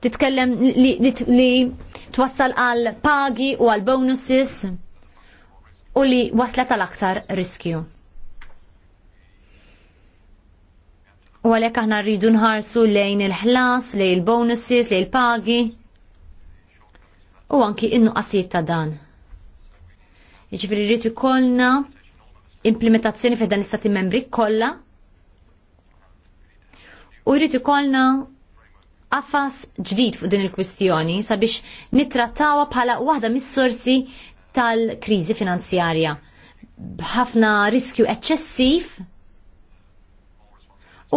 titkellem li, li, li twassal għal pagi u għal bonuses u li waslet għal aktar riskju. U għalhekk aħna rridu nħarsu lejn il-ħlas, lejn il-bonuses, lejn il-pagi u anki in-nuqqasijiet ta' dan. Jiġifieri rrid ikollna implementazzjoni fih dan istati membri kollha u jrid ikollna qafas ġdid fuq din il-kwistjoni sabiex nittrattawha bħala waħda mis-sorsi tal-kriżi finanzjarja b'ħafna riskju eċċessiv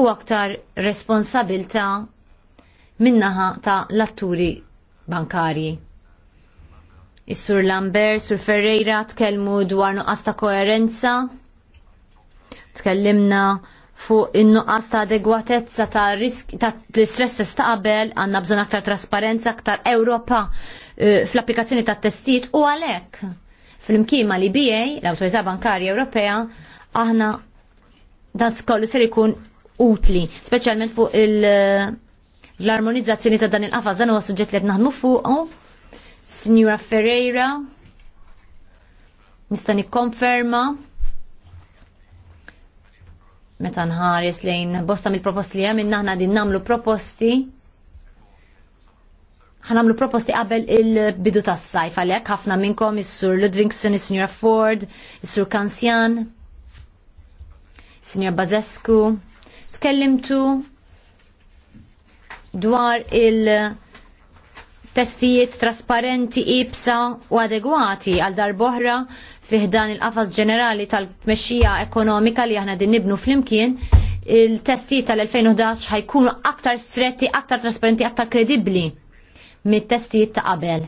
u aktar responsabilta minnaħa ta' l-atturi bankarji. Is-Sur Lambert, Sur Ferreira tkellmu dwar nuqqas ta' koerenza, tkellimna fuq in-nuqqas ta' adegwatezza ta' risk ta' l-istress test ta' qabel għandna bżonn aktar trasparenza, aktar Ewropa eh, fl-applikazzjoni ta' testijiet u għalhekk fl-imkima li BA, l-Awtorità Bankarja Ewropea, aħna dan skollu ser ikun utli, speċjalment fuq l-armonizzazzjoni ta' dan il-qafas, dan huwa suġġett li qed naħdmu fuq. Signora Ferreira, nista' nikkonferma meta nħares lejn bosta mill-proposti li hemm aħna din nagħmlu proposti ħanamlu proposti qabel il-bidu tas-sajf għalhekk ħafna minnkom is-Sur Ludwigson, is-Sinjor Ford, is-Sur Kansjan, is-Sinjor Bazescu, tkellimtu dwar il- testijiet trasparenti, ibsa u adegwati għal darboħra fiħdan il-qafas ġenerali tal-mexxija ekonomika li aħna din nibnu flimkien, il-testi tal-2011 ħajkunu aktar stretti, aktar trasparenti, aktar kredibli mit-testijiet ta' qabel.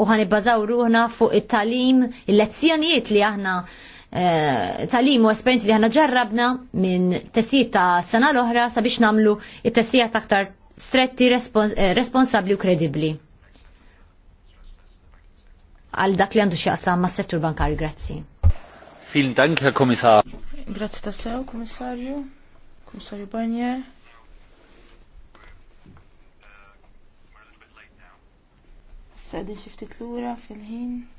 U ħanibbażaw ruħna fuq it-talim, il-lezzjonijiet li aħna eh, talim u esperienzi li ħana ġarrabna minn testijiet ta' sena l-oħra sabiex namlu it-testijiet aktar stretti, eh, responsabli u kredibli għal dak li għandu x'jaqsam ma' settur bankari. Grazzi. Fil Dank, Herr Kommissar. Grazzi ta' tassew, Kommissarju. Kommissarju Barnier. Sadin xiftit l-ura fil-ħin.